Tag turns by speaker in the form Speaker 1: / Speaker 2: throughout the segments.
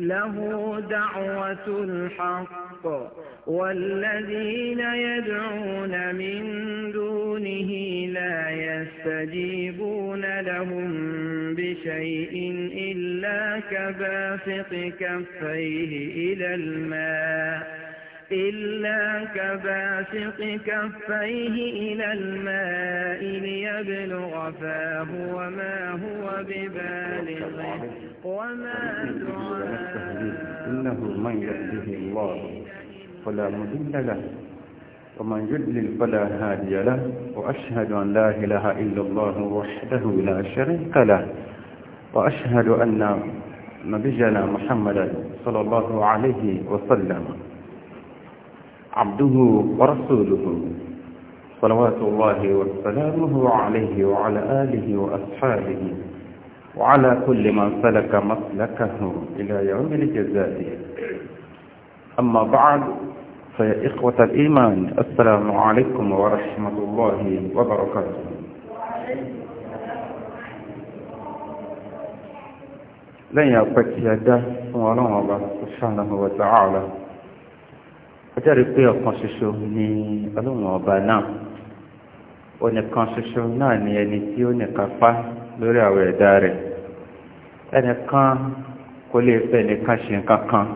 Speaker 1: له دعوة الحق والذين يدعون من دونه لا يستجيبون لهم بشيء إلا كباسط كفيه إلى الماء إلا كباسق كفيه إلى الماء ليبلغ فاه وما هو ببالغه وما دعاء إنه من يهده الله فلا مضل له ومن يضلل فلا هادي له وأشهد أن لا إله إلا الله وحده لا شريك له وأشهد أن نبينا محمدا صلى الله عليه وسلم عبده ورسوله صلوات الله وسلامه عليه وعلى آله وأصحابه وعلى كل من سلك مسلكه إلى يوم الجزاء أما بعد فيا إخوة الإيمان السلام عليكم ورحمة الله وبركاته لن يبكي يده ولن الله سبحانه وتعالى ó jẹ́rìí pé ọ̀kan ṣoṣo ni ọlọ́run ọba náà onìkan ṣoṣo náà ni ẹni tí ó nìkan fá lórí àwọn ẹ̀dá rẹ̀ ẹnìkan kò lè fẹ́ nìkan ṣe nǹkan kan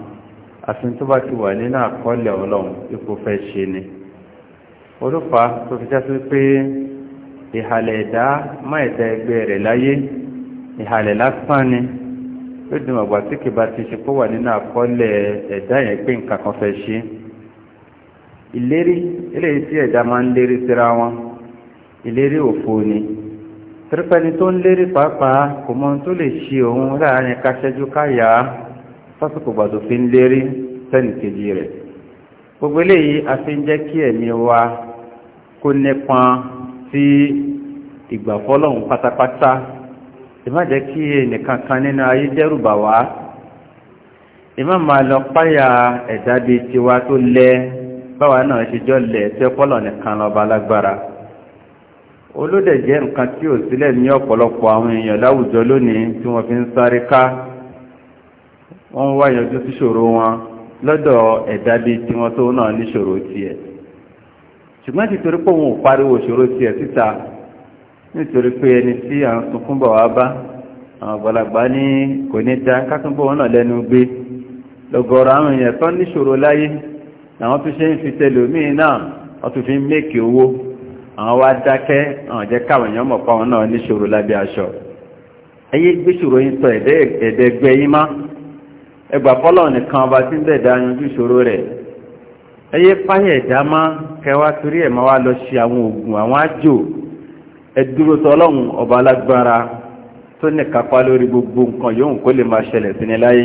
Speaker 1: àfin tó bá ti wà nínú àkọọ́lẹ̀ ọlọ́run ipò fẹ́ ṣe ni olúfa tó fi jásí pé ìhàlẹ̀ ẹ̀dá má ẹ̀dá ẹgbẹ́ rẹ̀ láyé ìhàlẹ̀ lásán ni ó dùn ọ̀gbà tí kìí bá ti ṣe pó wà nínú àkọọ́lẹ̀ ẹ̀dá yẹn pé nǹkan kan fẹ́ ṣe é ìlérí eléyìí tí ẹ̀dá máa ń lérí síra wọn ìlérí òfo ni tẹ́rẹ́pẹ́ni tó ń lérí pàápàá kò mọ tó lè ṣe òun láàrin kaṣẹ́jú káyà sásìkò gbàdò fi ń lérí sẹ́nì kejì rẹ̀ gbogbo eléyìí a fi ń jẹ́ kí ẹ̀mí wa kó nípọn sí ìgbàfọ́lọ́hùn pátápátá ìmá jẹ́ kí ẹnìkan kan nínú ayé dẹ́rù bà wá ìmá máa lọ páyà ẹ̀dá bíi tiwa tó lẹ́ẹ̀ báwa náà ṣe jọ lẹ̀ tí ọpọlọ̀ nìkan lọ́ba lágbára olódẹ̀ jẹ́ nǹkan tí ò sílẹ̀ ní ọ̀pọ̀lọpọ̀ àwọn èèyàn láwùjọ lónìí tí wọ́n fi ń sáré ká wọ́n wá yanjú síṣòro wọn lọ́dọ̀ ẹ̀dá bíi tí wọ́n tó náà níṣòro tiẹ̀ ṣùgbọ́n ti torí pé òun ò pariwo ṣòro tiẹ̀ síta nítorí pé ẹni tí à ń sunkún bọ̀ wá bá àwọn ọ̀gbọ̀lagbà ní kò ní kákúnbọ̀ wọn náà lẹ́nu gbé àwọn àwọn tó ṣe ń fi tẹlòmíì náà wọ́n tún fi ń méèkì owó àwọn wá dákẹ́ àwọn jẹ́ káwọn èèyàn mọ̀ pa wọn náà níṣòro lábẹ́ aṣọ ayé gbéṣòro yín sọ ẹ̀dẹ́gbẹ́ yín má ẹgbà fọ́lọ̀ nìkan ọba tí ń bẹ̀dá yanjú ìṣòro rẹ̀ ẹyẹ fáyẹ̀ ẹ̀dá má kẹwàá torí ẹ̀ máa wá lọ ṣe àwọn oògùn àwọn àjò ẹ̀dúró tọ́lọ́hun ọba alágbára tó ní lórí gbogbo nǹkan yóò kó lè máa ṣẹlẹ̀ sí ní láyé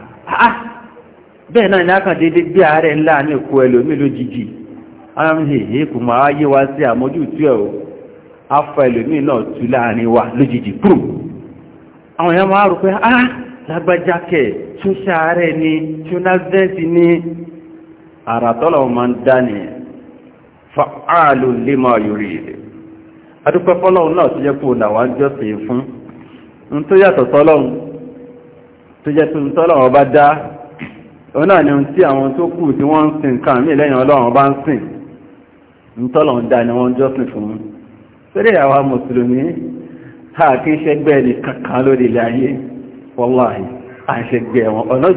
Speaker 1: Ah, ah. bẹ́ẹ̀ náà ní ákàn dédé gbé ààrẹ ńlá ní òkú ẹlòmí lójijì ara ń hèhè kò máa yé wa sí àmójútó ẹ̀ o afọ ẹlòmí náà tú láàrin wa lójijì kúrò àwọn èèyàn máa rò pé á ah, lágbájákẹ̀ tún ṣàárẹ̀ ni tún ni àràtọ́lọ̀ máa ń dá nìyẹn fa áàlù lè máa tó jẹ́ tún tọ́lọ̀wọ́ bá dá òun náà ni tí àwọn tó kù tí wọ́n ń sin nǹkan mí lẹ́yìn ọlọ́run bá ń sìn ń tọ́lọ̀wọ́ dá ni wọ́n jọ́sìn fún un sórí àwa mùsùlùmí ha kí kankan lórí ilẹ̀ ayé wọ́láhì ẹ̀ṣẹ́ rí pé ọ̀nà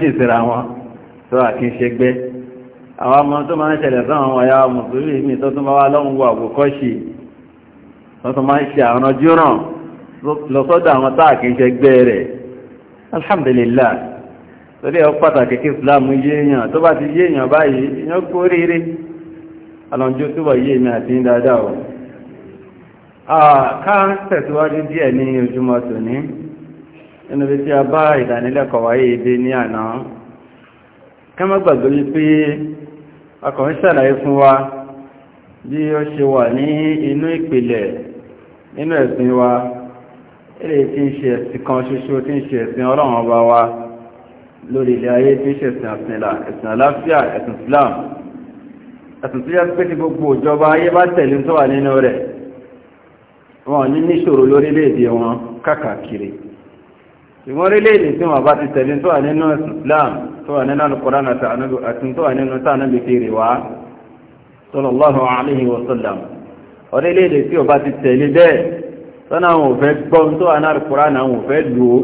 Speaker 1: jìzìra wọn tó àkínṣẹ́gbẹ́ àwọn ọmọ tó máa ń ṣẹlẹ̀ sáwọn ọ̀yá mùsùlùmí mi tó tún bá wá lọ́hùn wo àwòkọ́ṣì tó máa ń ṣe àwọn ọjọ́ ràn àwọn tá alhamdulillah torí ọ pàtàkì kí islamu yé èèyàn tó bá ti yé èèyàn báyìí yán kó rírí alọ́njọ́ túbọ̀ yé èmi àti ń dáadáa ọ̀ ká ń tẹ̀síwájú bí tí a bá ìdánilẹ́kọ̀ọ́ wáyé ìdé ní àná kẹ́mọ́ gbàgbé wípé akọ̀wé ṣàlàyé fún wa bí ó ṣe wà ní inú ìpìlẹ̀ nínú ẹ̀sìn wa ilé tí ń ṣe ẹ̀sìn kan ṣoṣo tí ń ṣe ẹ̀sìn ọlọ́run ọba wa lórí ilẹ̀ ayé tí ń ṣe ẹ̀sìn àláfíà ẹ̀sìn Islam ẹ̀sìn tó yẹ pé tí gbogbo ìjọba ayé bá tẹ̀lé tó wà nínú rẹ̀ wọn ní níṣòro ṣùgbọ́n orílẹ̀-èdè tí wọ́n bá ti tẹ̀lé tó wà nínú Islam tó wà nínú Al-Qur'an àti tó wà nínú tánàbì fi rè wá sallallahu alaihi wa sallam orílẹ̀-èdè tí wọ́n bá ti tẹ̀lé bẹ́ẹ̀ tọ́nà àwọn òfẹ́ gbọ́n tó wà nínú Al-Qur'an àwọn òfẹ́ lò ó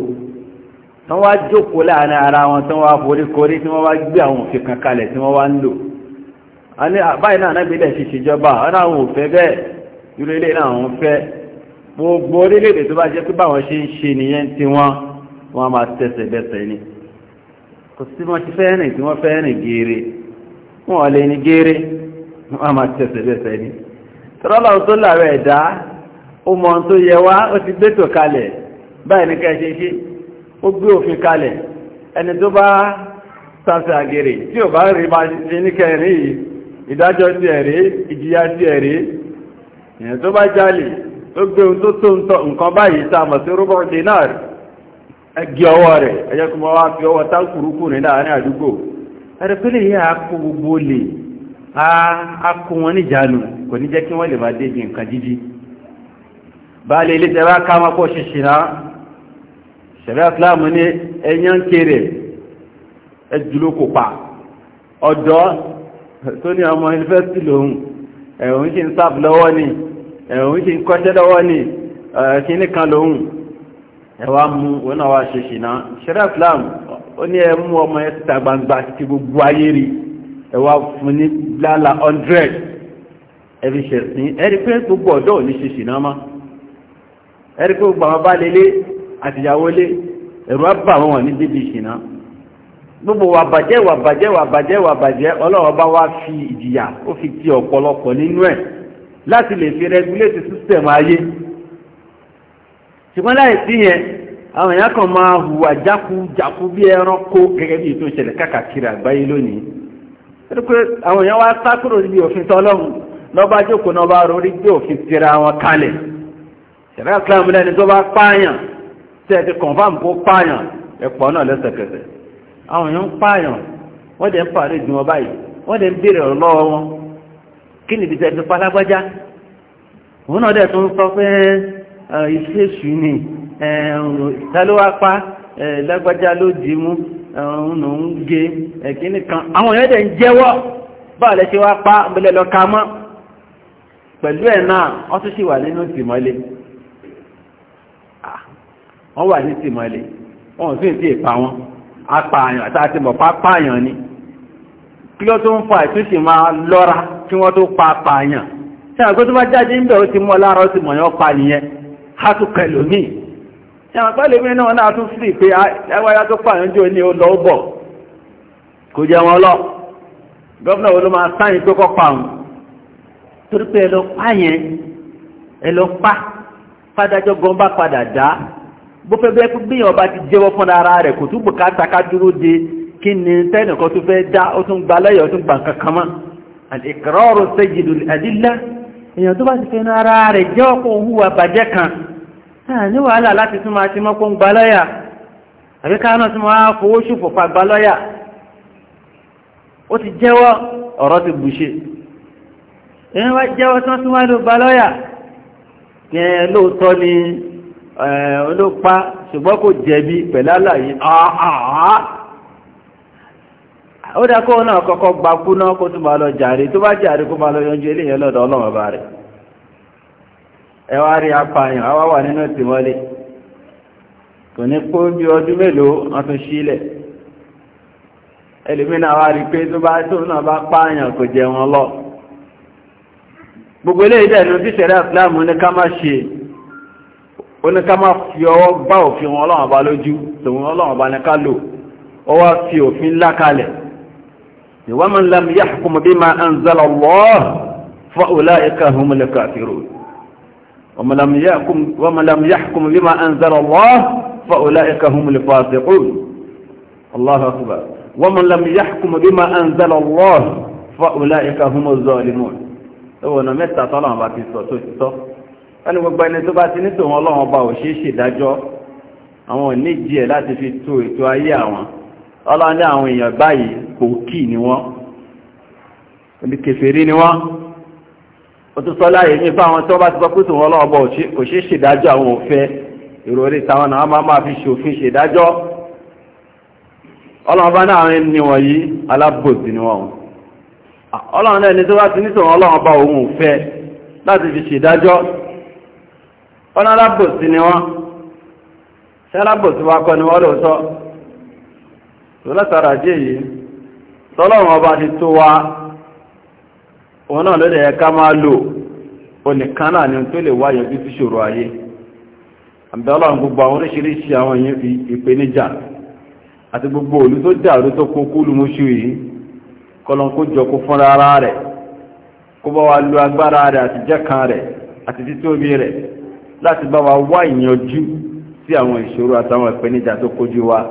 Speaker 1: tán wá jókòó láàrin ara wọn tán wá forí korí tí wọ́n wá gbé àwọn òfin kan gbogbo orílẹ̀-èdè tó bá jẹ́ pé báwọn ṣe ń ṣe nìyẹn tiwọn wọ́n máa tẹ́sẹ̀ bẹ́sẹ̀ ni kò sí wọ́n ti fẹ́ rìn tí wọ́n fẹ́ rìn gèrè wọ́n lè ní gèrè wọ́n máa tẹ́sẹ̀ bẹ́sẹ̀ ni tọ́lọ́lọ́ tó làwẹ̀ ẹ̀dá ó mọ ohun tó yẹ wá ó ti gbẹ́tò kalẹ̀ báyìí ní kẹ́ẹ̀ ṣe ṣe ó gbé òfin kalẹ̀ ẹni tó bá ẹgbẹ́ ọwọ́ rẹ̀ ẹjẹ́ kí wọ́n wá fi ọwọ́ tákùrúkù ní láàrin àdúgbò ẹ̀rẹ̀pẹ́lẹ̀ yẹ́ àkó gbogbo lè àkó wọn níjànú kò ní jẹ́ kí wọ́n lè bá débi nǹkan jíjí bá lè lè tẹ́rà ká máa pọ̀ ṣìṣìná ṣẹ̀rẹ́ ìsìláàmù ní ẹyán kéré ẹjùló kò pa ọ̀dọ́ tó ní ọmọ yunifásitì lòun ẹ̀hùn ṣe ń sáf lọ́wọ́ ni ẹ̀hùn ṣe ń kọ́ṣẹ́ lọ́wọ́ ni kíní kan lòun ẹwà mú wọn náà wá ṣe ṣìná ṣẹ́rẹ́ islam ó ní ẹmú ọmọ ẹ síta gbangba ti gbogbo ayé rí ẹwà fún ní lálà 100 ẹbí ṣẹ̀sìn ẹ̀rí pé gbogbo ọ̀dọ́ ní ṣe ṣìná má ẹ̀rí pé gbogbo àwọn bá lélé àtìyàwó lé ẹ̀rọ bá wọn ní débi ṣìná gbogbo wà bàjẹ́ wà bàjẹ́ wà bàjẹ́ wà bàjẹ́ ọlọ́wọ́ bá wá fi ìjìyà ó fi ti ọ̀pọ̀lọpọ̀ nínú ẹ̀ láti lè fi rẹguléètì sísẹ̀mù ayé ṣùgbọ́n láì sí yẹn àwọn èèyàn kan máa hùwà jákujàku bí ẹranko gẹ́gẹ́ bí ètò ìṣẹ̀lẹ̀ káàkiri àgbáyé lónìí pé àwọn èèyàn wá sá kúrò níbi òfin tọ́lọ́hùn lọ́ba jókòó náà bá rorí gbé òfin tira wọn kalẹ̀ ṣẹ̀rẹ́ àkíláàmù lẹ́ni tó bá pààyàn tẹ́ ti kọ̀nfàmù kó pààyàn ẹ̀pọ̀ náà lẹ́sẹ̀kẹsẹ̀ àwọn èèyàn ń pààyàn wọ́n dẹ̀ ń pààrẹ̀ Eh, ìṣèṣù ni eh, tẹ́lówápá eh, lágbájá ló dì mú ọ̀nà ń gé ẹ̀kíní kan àwọn èèyàn dẹ̀ ń jẹ́wọ́ báàlẹ́ ṣe wá pa bẹ́lẹ̀ lọ ka mọ́ pẹ̀lú ẹ̀ náà wọ́n tún sì wà nínú tìmọ́lé ah, wọ́n wà ní tìmọ́lé wọ́n sì ti ìpa wọn apààyàn àti mọ̀pá pààyàn ni kí ló tó ń fa ìtúnṣì máa lọ́ra kí wọ́n tó pa pààyàn tí àwọn tó bá jáde ń bẹ̀ ó ti mọ́ lára ó ti mọ̀yán pa ha tún pẹ̀lú ní ìyàwó pẹ̀lú mi náà náà tún sí pé ẹwàyá tó pààyàn jò ní olọ́ bọ̀ kò jẹ wọn lọ gọ́ọ̀nà wo ló sáyìn tó kọ́ pààrùn torí pé ẹlọ pa ẹlọ pa fádájọ́ gan bá padà dá bó fẹ́ bẹ́ẹ̀ ti jẹ́wọ́ fún èèyàn tó bá ti fẹ́nu ara rẹ̀ jẹ́ ọ̀pọ̀ òhúwà bàjẹ́ kan ní wàhálà láti tún máa ti mọ́kún gba lọ́yà àbí káánà tí wọ́n á fowó ṣùfò pa gba lọ́yà ó ti jẹ́wọ́ ọ̀rọ̀ ti bùṣe èèyàn wá jẹ́wọ́ tán tún wá ló gba lọ́yà yẹn lóòótọ́ ni olópa ṣùgbọ́n kò jẹ̀bi pẹ̀lú ó dá kó náà kọ́kọ́ gba kú náà kó tún bá lọ jàre tó bá jàre kó bá lọ yanjú eléyẹn lọ́dọ̀ ọlọ́run ọba rẹ̀ ẹ rí apààyàn àwa wà nínú ìtìmọ́lé kò ní kó bí ọdún mélòó tún lọ gbogbo eléyìí dẹ̀nu tí sẹ̀rẹ̀ ní ká ṣe ó ní ká fi ọwọ́ ومن لم يحكم بما أنزل الله فأولئك هم الكافرون ومن لم يحكم, ومن لم يحكم بما أنزل الله فأولئك هم الفاسقون الله أكبر ومن لم يحكم بما أنزل الله فأولئك هم الظالمون ẹwọ ọ̀nà mẹ́ta tọ́lọ́wọ́n bá ti sọ tó ti sọ ẹni gbogbo ẹni tó bá ti ní tòun ọlọ́wọ́n bá òṣìṣẹ́ ìdájọ́ àwọn oníjì ẹ̀ láti fi tó ètò ayé àwọn ọlọ́ni àwọn èèyàn báyìí kòókì ni wọ́n ẹbí kèfèrí ni wọ́n ó tún sọ láàyè ní bá tó bá ti gbọ́ pé tòun ọlọ́ọ̀bọ̀ kò ṣeé àwọn òfẹ́ ìròrí náà máa máa fi ṣòfin ṣèdájọ́ ọlọ́run bá náà ni wọ́n ọlọ́run tó bá ti ní tòun ọlọ́run bá òun òfẹ́ láti fi ṣèdájọ́ ọ̀nà alábòsí ni wọ́n ṣe alábòsí wa kọ́ ni wọ́n lóòótọ́ látara tọ́lọ́run ọba ti tó wa òun náà ló dẹ̀ máa lò onìkan ni tó lè wáyé bí tí ṣòro ayé àbí ọlọ́run gbogbo àwọn oríṣiríṣi àwọn èèyàn fi ìpèníjà àti gbogbo òlú tó jà òlú tó kókú lùmúṣù yìí kọlọ́n kó jọ kó fúnra ara rẹ̀ kó bá wa lo agbára rẹ̀ àti jẹ́kan rẹ̀ láti bá wa wá ìyanjú sí àwọn ìṣòro àtàwọn ìpèníjà tó kojú wa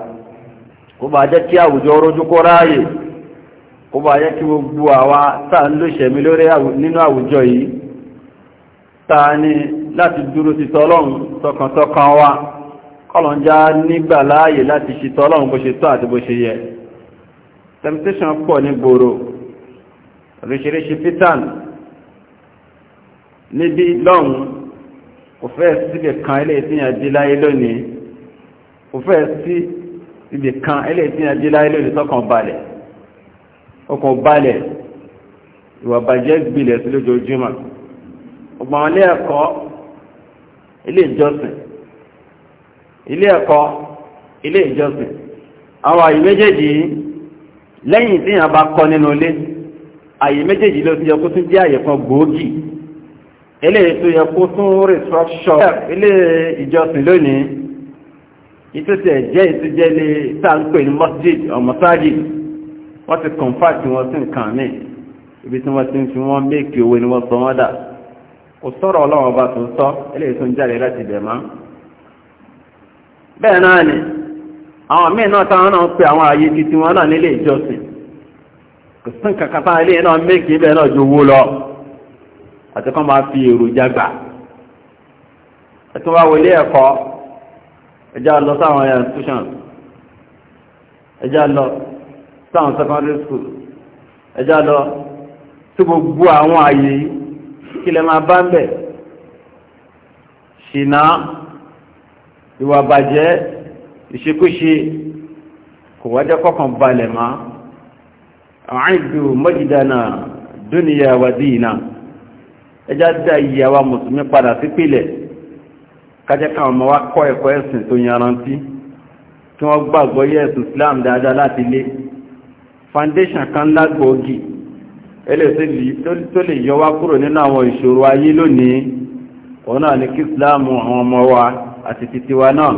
Speaker 1: kó bá jẹ́ kí àwùjọ rójú kó ráàyè ó bá yẹ kí gbogbo àwa táà ń lóṣẹ̀mí lórí nínú àwùjọ yìí táà ní láti dúró ti tọ́lọ́run tọkàntọkàn wa kọlọ̀njá nígbà láàyè láti ṣe tọ́lọ́run bó ṣe tọ́ àti bó ṣe yẹ temptation pọ̀ ní gbòòrò oríṣiríṣi pitan níbi lọ́hùn kò fẹ́ síbẹ̀ kan ilé ìtìyàn dí láyé lónìí kò fẹ́ sí ibẹ̀ kan ilé ìtìyàn láyé lónìí tọ́kàn balẹ̀ ọkàn balẹ̀ ìwà bàjẹ́ gbilẹ̀ sí lójoojúmọ́ ọgbọ̀n ilé ẹ̀kọ́ ilé ìjọsìn ilé ẹ̀kọ́ ilé ìjọsìn àwọn àyè méjèèjì lẹ́yìn tí yàn bá kọ́ nínú ilé àyè méjèèjì ló ti yẹ kó tún jẹ́ àyè kan gbòógì ilé ètò yẹ kó tún rìstrọ́ṣọ́ ilé ìjọsìn lónìí ìtòsí ẹ̀jẹ́ ìtòjẹ́ ilé tá à ń pè ní mọ́sídìí ọ̀mọ́sáàdìí wọ́n ti kọ̀nfàtì wọn sí nǹkan míì ibi tí wọ́n ti ń fi wọ́n méèkì owó ni wọ́n sọ wọ́n dà kò sọ̀rọ̀ ọlọ́run ọba tó ń sọ eléyìí tó ń jáde láti bẹ̀ máa bẹ́ẹ̀ náà ni àwọn míì náà táwọn náà ń pe àwọn ààyè titi wọn náà nílé ìjọsìn kò sí nǹkan kan táwọn eléyìí náà méèkì bẹ́ẹ̀ náà ju owó lọ àti kọ́ máa fi èròjà gbà ẹ̀tún wá wọlé ẹ̀kọ́ ẹjá lọ sáwọn ẹ̀ sáwọn secondary school ẹjá lọ tí gbogbo àwọn àyè yìí kí lẹ máa bá ń bẹ̀ ṣìnà ìwà bàjẹ́ ìṣekúṣe kò wájẹ́ kọ́kàn balẹ̀ má àìdù mọ́jìdánà dúnìyà wàdíìnà ẹjá dá ìyàwó mùsùlùmí padà sí pìlẹ̀ kájẹ́ káwọn ọmọ wa kọ́ ẹ̀kọ́ ẹ̀sìn tó yanrantí tí wọ́n gbàgbọ́ yẹ́ ẹ̀sìn Islam dáadáa láti lé foundation kan lágbòógì ẹlẹ́sẹ̀ tó lè yọ wá kúrò nínú àwọn ìṣòro ayé lónìí òun náà ni kí islamu àwọn ọmọ wa àti títí wa náà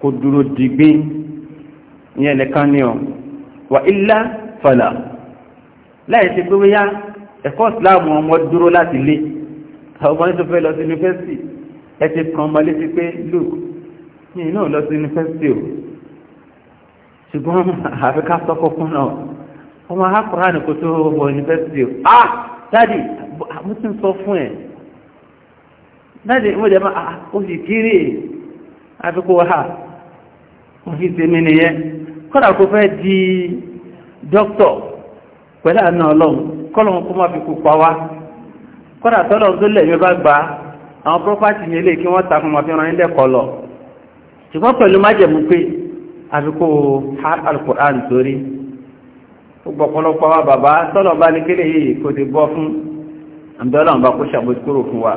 Speaker 1: kó dúró digbín ìyẹn nìkan ni ọ wà ilá fàlà láì ṣe pé wíyá ẹ̀kọ́ islamu ọmọ dúró láti lé ọmọ ní tó fẹ́ lọ sí yunifásitì ẹ ti kan ọmọ létí pé luke mi náà lọ sí yunifásitì o ṣùgbọ́n àfi ká sọ́kọ́ fún náà ọmọ akọ̀rán kò tó wọ yunifásitì ah dáàdì mo sọ fún ẹ̀ dáàdì mo dẹ̀ máa ah, ó sì kéré àfi kó ó fi ṣe nìyẹn fẹ́ di dókítọ̀ pẹ̀lú àná ọlọ́run kọ́lọ́run kó má fi kú pa wá tọ́lọ́run tó lẹ̀ bá gbà àwọn pọ́pátì yẹn lè kí àfikò ha alukur'an sórí gbogbo ọ̀pọ̀lọpọ̀ wa bàbá tọ́lọ̀ bá ní kílẹ̀ yìí kò ti bọ́ fún àbẹ́lọ́ bá kó ṣàbójúkúrò fún wa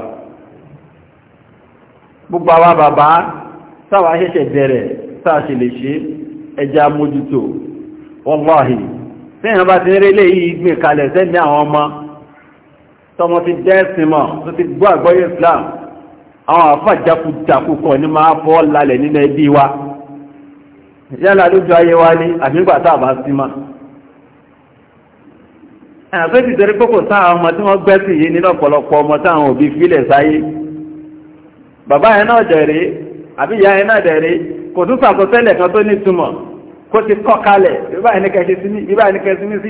Speaker 1: gbogbo àwa bàbá táwa ṣẹ̀ṣẹ̀ bẹ̀rẹ̀ táà ṣe lè ṣe ẹja mójútó wọ́láhì fẹ́yàn bá ti ń rélé yìí gbé kalẹ̀ sẹ́ni àwọn ọmọ tọmọ ti dẹ́ẹ̀sìn mọ̀ tó ti gbọ́ àgbọ́yé Islam àwọn àfàjákújákú kan ní máa fọ́ lálẹ̀ nínú ẹbí wa yálà lójú ayé wa ní àmìgbà tá àbá sí ma àfẹ́ ti tẹ́rí kókò saa ọmọ tí wọ́n gbẹ́sì yìí nínú ọ̀pọ̀lọpọ̀ ọmọ táwọn òbí fílẹ̀ sáyé bàbá ẹ̀ náà dẹ̀rẹ́ àbí ya ẹ̀ náà dẹ̀rẹ́ kò tún sàkọsẹ́lẹ̀ kan tó ní túmọ̀ kó ti kọ́ kalẹ̀ bíbá ẹni kẹsí sí bíbá ẹni kẹsí ní sí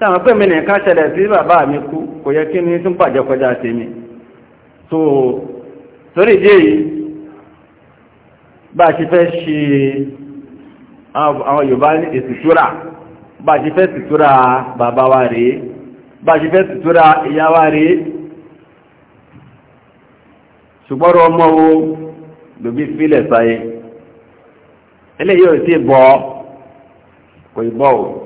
Speaker 1: sáwọn pé mi nìkan ṣẹlẹ̀ sí bàbá mi kú kò yẹ kí ní tún pàjẹ́ kọjá tèmi so sorry ìdí èyí bá ṣe fẹ́ ṣe àwọn Yorùbá ní ìsìtúra bá ṣe fẹ́ sìtúra bàbá wa rèé bá ṣe fẹ́ sìtúra ìyá wa rèé ṣùgbọ́rọ̀ ọmọ wo lòbí fílẹ̀ sáyé eléyìí ò sí bọ́ kò ì ò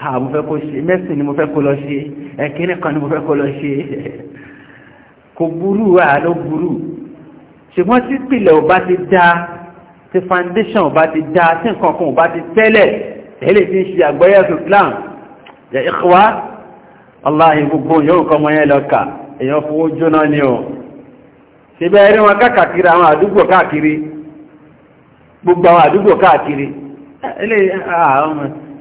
Speaker 1: ha mo fẹ́ kó ṣe mẹ́sìn ni mo fẹ́ kó lọ ṣe ẹ̀kíní kan ni mo fẹ́ kó lọ ṣe kò burú wà ló burú ṣùgbọ́n tí pìlẹ̀ ò bá ti dá tí foundation ò bá ti dá tí nǹkan kan ò bá ti tẹ́lẹ̀ tẹ́lẹ̀ tí ń ṣe àgbọ́yẹ̀ Islam ya ikhwa aláhi gbogbo yóò kọ́ mọ́ yẹn lọ́kà èèyàn fowó jóná ni o ṣebí ẹrí wọn káàkiri àwọn àdúgbò káàkiri gbogbo àwọn àdúgbò káàkiri eléyìí ah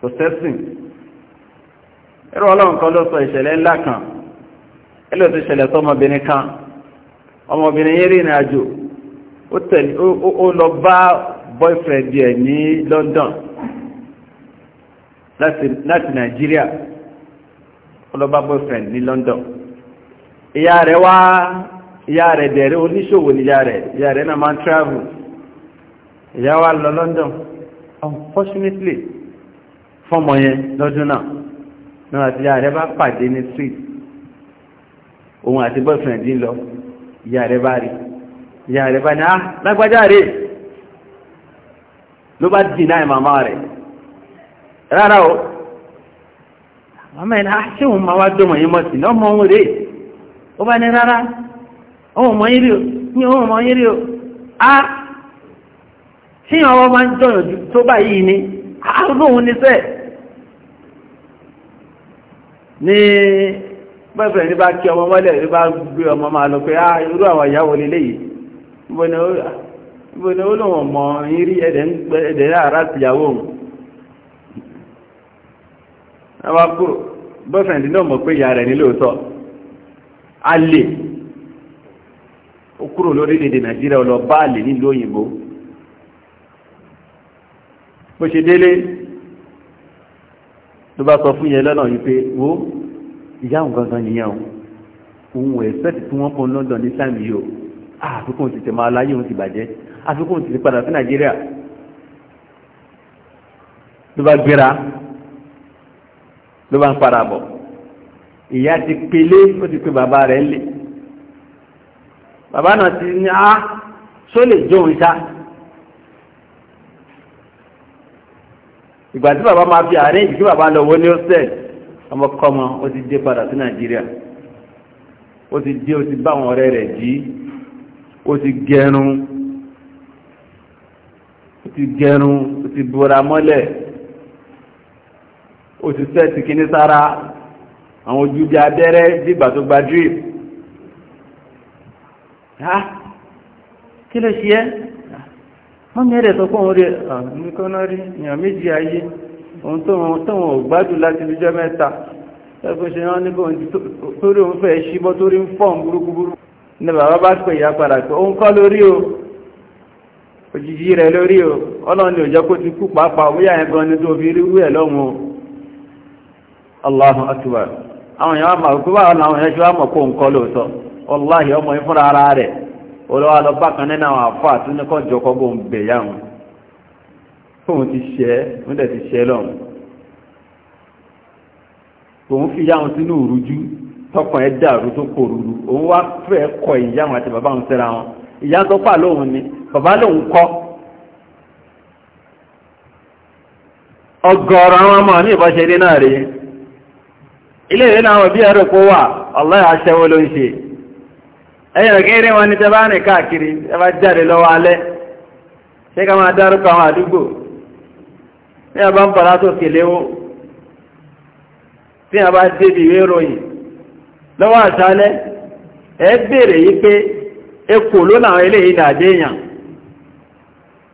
Speaker 1: kò ẹ̀rọ ọlọ́run kan ló sọ ìṣẹ̀lẹ̀ ńlá kan ẹlò ti ṣẹlẹ̀ sọmọbìnrin kan ọmọbìnrin yẹn rìnrìn àjò ó lọ bá boyfriend ẹ̀ ní London láti nigeria ó lọ bá boyfriend ní London ìyá rẹ̀ wá ìyá rẹ̀ dẹ̀rẹ̀ oníṣòwò ní ìyá rẹ̀ ìyá rẹ̀ náà máa ń wa lọ London unfortunately fọ́mọ yẹn lọ́dún náà náà àti ìyá bá pàdé ní street òun àti boyfriend lọ ìyá rẹ̀ bá rí ìyá rẹ̀ bá ní ah, á rí ló bá dì náà rẹ rẹ̀ rárá o àmọ́ ẹ̀nà ah, òun máa wá dọ́mọ̀ yín mọ́ sí lọ́mọ ó bá ní rárá rí o ah, ni á lóhun ní sẹ́ẹ̀ ní pẹ́fẹ́ ní bá kí ọmọ mọ́lẹ̀ ní bá gbé ọmọ máa lọ pé á ah, irú àwọn ìyàwó lélẹ̀ yìí ìbọn olóhùn mọ̀ yín rí ẹ̀dẹ̀ ara tìyàwó òun ẹwà kúrò boyfriend náà mọ̀ pé ìyá rẹ̀ ní lóòótọ́ a lè ó kúrò lórílẹ̀-èdè Nàìjíríà ọlọ bá lè nílùú òyìnbó bó ṣe délé ló bá sọ fún yẹn lọ́nà yìí pé wo ìyá òun gangan nìyẹn o òun ẹ̀sẹ̀tì tí wọ́n fún London ní sáàmì yìí o ah, àfikún ti tẹ̀ máa láyé òun ti bàjẹ́ àfikún ti padà sí Nàìjíríà ló bá gbéra ló bá ń padà bọ̀ ìyá ti pélé ó ti pe bàbá rẹ̀ lé bàbá náà ti ní a ah, só lè jóun ṣáà ìgbà tí bàbá máa fi àárẹ̀ ìdíkí bàbá lọ wọ ní ọ́sẹ̀ ọmọkọ́mọ ó ti dé padà sí nàìjíríà ó ti dé ó ti bá àwọn ọ̀rẹ́ rẹ̀ jí ó ti gẹrun ó ti gẹrun ó ti bora mọ́lẹ̀ ó ti sẹ́ẹ̀tì kíní sára àwọn ojú bí abẹ́rẹ́ bí ìgbà tó gba drip ha kí ló ṣe é ọ ẹ̀rẹ̀ sọ pọ̀ orí àmìkọ́nọ́rí èèyàn méjì ayé ohun tóhun ògbájú láti lójọ́ mẹ́ta ẹgbẹ́ṣẹ́ wọ́n ní torí òun fẹ́ ṣíbọ́ torí ń fọ́n burúkúburú ní bàbá bá ya padà pé kọ́ lórí o òjìjì rẹ̀ lórí o ọlọ́run ni òjọ́ kó ti kú pàápàá olówó lọ kan nínú àwọn àfà tó ní kọ́ jọkọ́ ń bè yá fóun ti ṣẹ́ ń dẹ̀ ti ṣẹ́ lọ́hùn òun fi yá sínú òrújú tọkàn ẹ dàrú tó kòrúurú òun wá fẹ́ kọ ìyá àti bàbá wọn sẹ́ra wọn ìyá tó pà ni bàbá lóhun kọ́ ọgọ́rọ̀ àwọn ọmọ ní ilé náà ilé àwọn kó wà ọlọ́yà ló ń ṣe ẹ̀yẹ̀rẹ̀ kí rí wọn ní tẹbá rìn káàkiri ẹbá jáde lọ́wọ́ alẹ́ ṣe ká máa dárúkọ àwọn àdúgbò ní ọba ń bọ̀lá tó kèléwó tí a bá débi ìwé ròyìn lọ́wọ́ àṣálẹ́ ẹ bèèrè yí pé ekò ló làwọn eléyìí dàdé èèyàn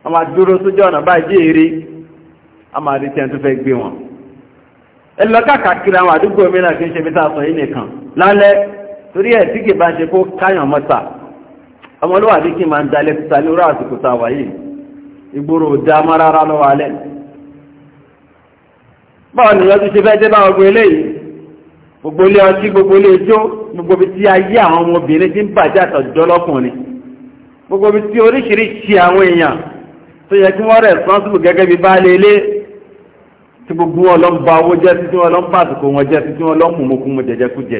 Speaker 1: a máa dúró sójú ọ̀nà báyìí èrè a máa tẹ́ntú fẹ́ gbé wọn ẹ lọ káàkiri àwọn àdúgbò kí ń ṣe tá a sọ yìí nìkan lálẹ́ torí ẹ̀ tí kì bá ṣe kó káyàn mọ́ta ọmọlúwàbí kí máa ń dalẹ̀ títà ní orí àsìkò tàwà yìí ìgboro dá má rárá lọ́wọ́ alẹ́ báwo ni ìyọ́jú ṣe fẹ́ dé bá gbogbo eléyìí gbogbo ilé ọtí gbogbo ilé ijó gbogbo ibi tí ayé àwọn ọmọbìnrin ti ń bàjẹ́ gbogbo wọn lọ ń ba owó jẹ́ títí wọn lọ ń bàtùkù wọn jẹ́ títí wọn lọ ń mú mokú mu jẹjẹkú jẹ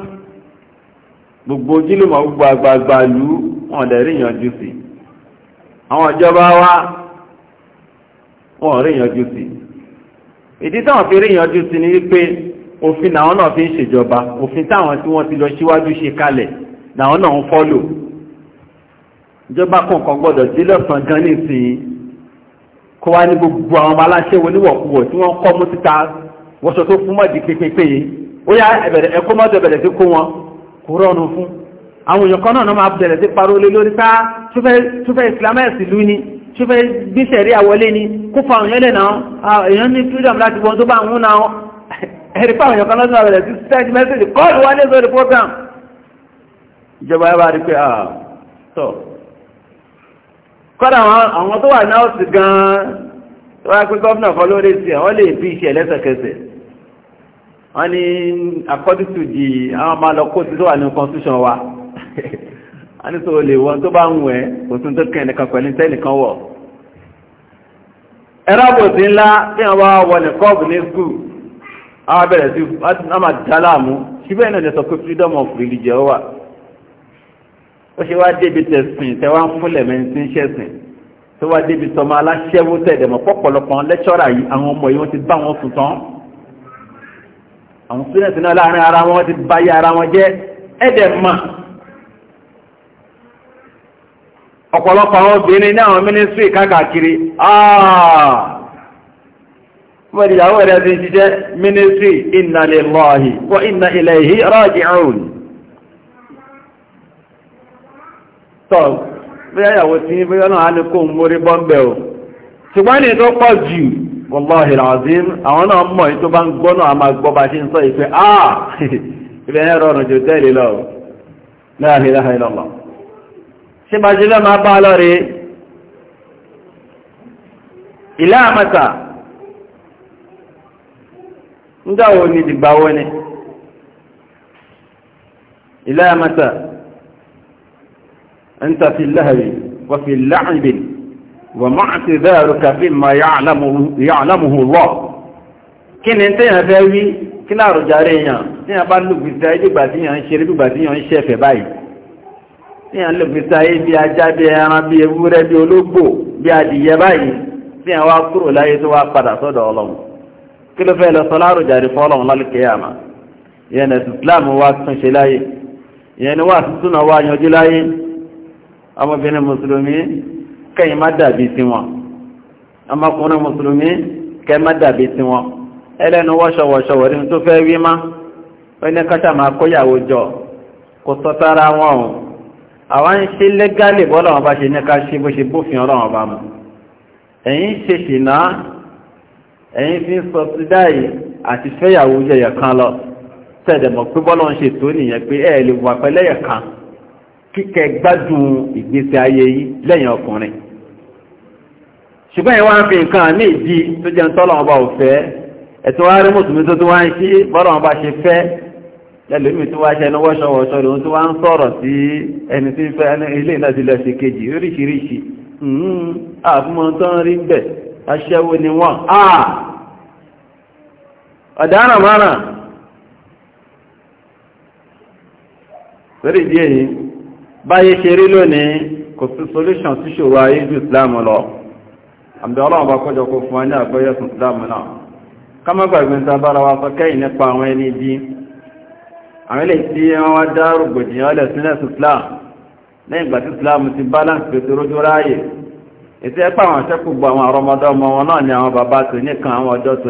Speaker 1: gbogbo ojúlùmọ̀ gbogbo àgbààgbà lú wọn lè rí ìyànjú sí àwọn ìjọba wa wọn rí ìyànjú sí ìdí táwọn fi rí ìyànjú sí ni wípé òfin làwọn náà fi ń ṣèjọba òfin táwọn tí wọ́n ti lọ síwájú ṣe kalẹ̀ làwọn náà ń fọ́lò ìjọba kọ̀ọ̀kan gbọ́dọ̀ sí lọ́sàn gan nísìnyí kó wá ní gbogbo àwọn ọmọ aláṣẹ oníwọ̀kuwọ̀ tí wọ́n kọ́ mú títa wọ́sọ tó fún mọ́ọ̀dì pépépé yìí ó yá ẹ̀kọ́ mọ́ọ̀dì ẹ̀bẹ̀rẹ̀ sí kó wọn kò rọrùn fún àwọn èèyàn kan náà náà máa bẹ̀rẹ̀ sí paró lé lórí sáá túfẹ́ ah, islamẹ́sì lú ni túfẹ́ gbíṣẹ̀rí àwọlé ni kó fa òyìnlẹ̀ náà ah, èèyàn ní freedom láti wọ́n tó bá ń hún náà ẹ̀rí pa àwọn èèyàn kan náà bẹ̀rẹ̀ sí send message call wálé lórí program ìjọba ẹ bá rí pé ah, tọ́ kọ́dà àwọn tó wà náà sì gan-an tó wá pé gọ́ọ̀nà fọlórí sí ẹ̀ wọ́n lè bí iṣẹ́ wọ́n ní according to the àwọn máa lọ kóòtù tó wà ní constitution wa a ní so lè wọ́n tó bá ń wẹ̀ òtún tó kẹ́ ẹnìkan pẹ̀lú tẹ́nìkan wọ̀ ẹ̀rọ́bòtí ńlá tí wọ́n wá wọ ní kọ́ọ̀bù ní skul àwọn bẹ̀rẹ̀ sí ọmọ dálàmú síbẹ̀ náà lè sọ pé freedom of religion wà ó ṣe wá débi tẹ̀sìn tẹ́wà ń fúnlẹ̀ mẹ́rin tí ń ṣẹ̀sìn tó wá débi tọmọ aláṣẹ́wó tẹ̀dẹ̀mọ̀ pọ̀pọ̀lọpọ̀ lẹ́ṣọ́rà yìí àwọn ọmọ yìí wọ́n ti bá wọn fún tán àwọn student náà láàrin ara wọn ti báyé ara wọn jẹ́ ẹ̀dẹ̀ mà ọ̀pọ̀lọpọ̀ àwọn obìnrin ní àwọn ministry kákàkiri wọ́n ah! ìyàwó rẹ̀ ti jíjẹ́ ministry inna lillahi ahụ inna ilayhi raji'un tọ́ bí ẹ̀yàwó tí ní bí ọ́nà àníkò mórí bọ́m̀bẹ̀ ṣùgbọ́n ní tó pọ̀ jù wọ́láhì ràzín àwọn náà mọ̀ tó bá ń gbọ́nà àmà gbọ́bà ṣe ń sọ ìpé àà ah! ìfẹ́ ẹ̀rọ ọ̀nà jò tẹ́lẹ̀ lọ láàrínláà ìlọ́lọ́ ṣe bá ṣe lọ́mà bá lọ́rẹ̀ ilé àmàta ń dáwò wọ̀mọ́ àti bẹ́ẹ̀rù kàfí ma yàálàmùhù lọ kí ni tí yàn fẹ́ wí kí láàrù jàre yàn tí yàn bá lùgbìsí ayé gbà tí yàn ń ṣe rígbà tí yàn ń ṣe ẹ̀fẹ̀ báyìí tí yàn lùgbìsí ayé bí ajá bí ẹran bí ewúrẹ́ bí ológbò bí adìyẹ báyìí tí yàn wá kúrò láyé kẹ́yìn má dàbí sí wọn ọmọkùnrin mùsùlùmí kẹ́ má dàbí sí wọn ẹlẹ́nu wọ́ṣọ̀wọ̀ṣọ̀wọ̀ rí tó fẹ́ wí má ẹni kọ́ṣà máa kóyàwó jọ kò sọ́tara wọn o àwọn ń ṣe lẹ́gálì bọ́lọ̀ wọn bá ṣe ní ká ṣe bó ṣe bófin ọ̀rọ̀ wọn bá mu ẹ̀yin ṣe ṣìnà ẹ̀yin fi ń sọ sí dáì àti fẹ́yàwó yẹ̀yẹ̀ kan lọ tẹ̀dẹ̀mọ̀ pé bọ́lọ̀ ń ṣe tó nìyẹn pé ẹ̀ẹ́ lè wà pẹ́lẹ́yẹ̀ kan kíkẹ́ gbádùn ìgbésí ayé yìí lẹ́yìn ọkùnrin ṣùgbọ́n ìwá ń fi nǹkan ní ìdí tó jẹ́ tọ́lọ̀wọ́n bá ò fẹ́ ẹ̀tún wá rí mùsùlùmí tó tún wá ń kí bọ́lọ̀wọ́n bá ṣe fẹ́ lẹ́lùmí tó wá ṣe ẹnu wọ́ṣọwọ́ṣọ́ lòun tó wá ń sọ̀rọ̀ sí ẹni tí fẹ́ ilé náà ti lọ sí kejì oríṣiríṣi àfúnmọ́ hmm, tó ń báyé ṣe rí lónìí kò sí solution tí ṣòro ayé ju islam lọ àmì ọlọ́run bá kọjọ kó fún wa ní àgbẹ́yẹ̀ sùn islam náà ká má gbàgbé ń sábára wa sọ kẹ́yìn nípa àwọn ẹni bí àwọn ilé tí wọ́n wá dá rògbòdìyàn ọlẹ̀ sílẹ̀ sí islam balance pèsè rójú ráyè ètí ẹ̀pà àwọn àṣẹ́kù gbọ́ àwọn àrọmọdọ́ ọmọ wọn náà ni àwọn bàbá tó nìkan àwọn ọjọ́ tó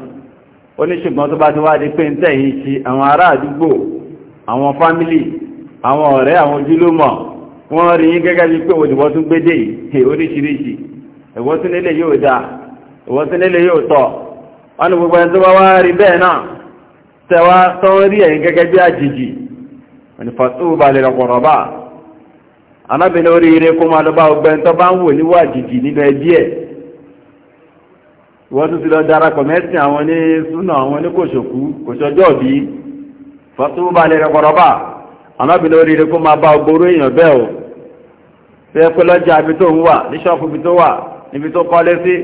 Speaker 1: ó ní ṣùgbọ́n tó bá ti wá di pé ń tẹ̀yìn sí àwọn ará àdúgbò àwọn fámílì àwọn ọ̀rẹ́ àwọn ojúlómọ̀ wọ́n rí yín gẹ́gẹ́ bí pé òdìbọ́ tún gbé dé yìí oríṣiríṣi ìwọ́n tún nílé yóò dáa ìwọ́n tún nílé yóò tọ́ wọ́n ní gbogbo ẹni tó bá wá wọ́n tún ti lọ darapọ̀ mẹ́sìn àwọn ní súnà àwọn ní kòṣòkú kòṣọjọ́ bí fọ́túnbà lè rẹpọ̀rọ̀bà ọ̀nàbìnà oríire kó máa bá ọgbóró èèyàn bẹ́ẹ̀ o fẹ́ pé lọ́jà ibi tó ń wà ní ṣọ́ọ̀fù ibi tó wà níbi tó kọ́lé sí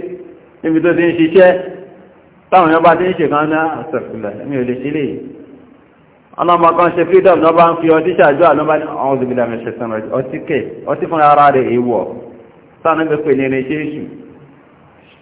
Speaker 1: níbi tó ti ń ṣiṣẹ́ táwọn èèyàn bá ti ń ṣe kan náà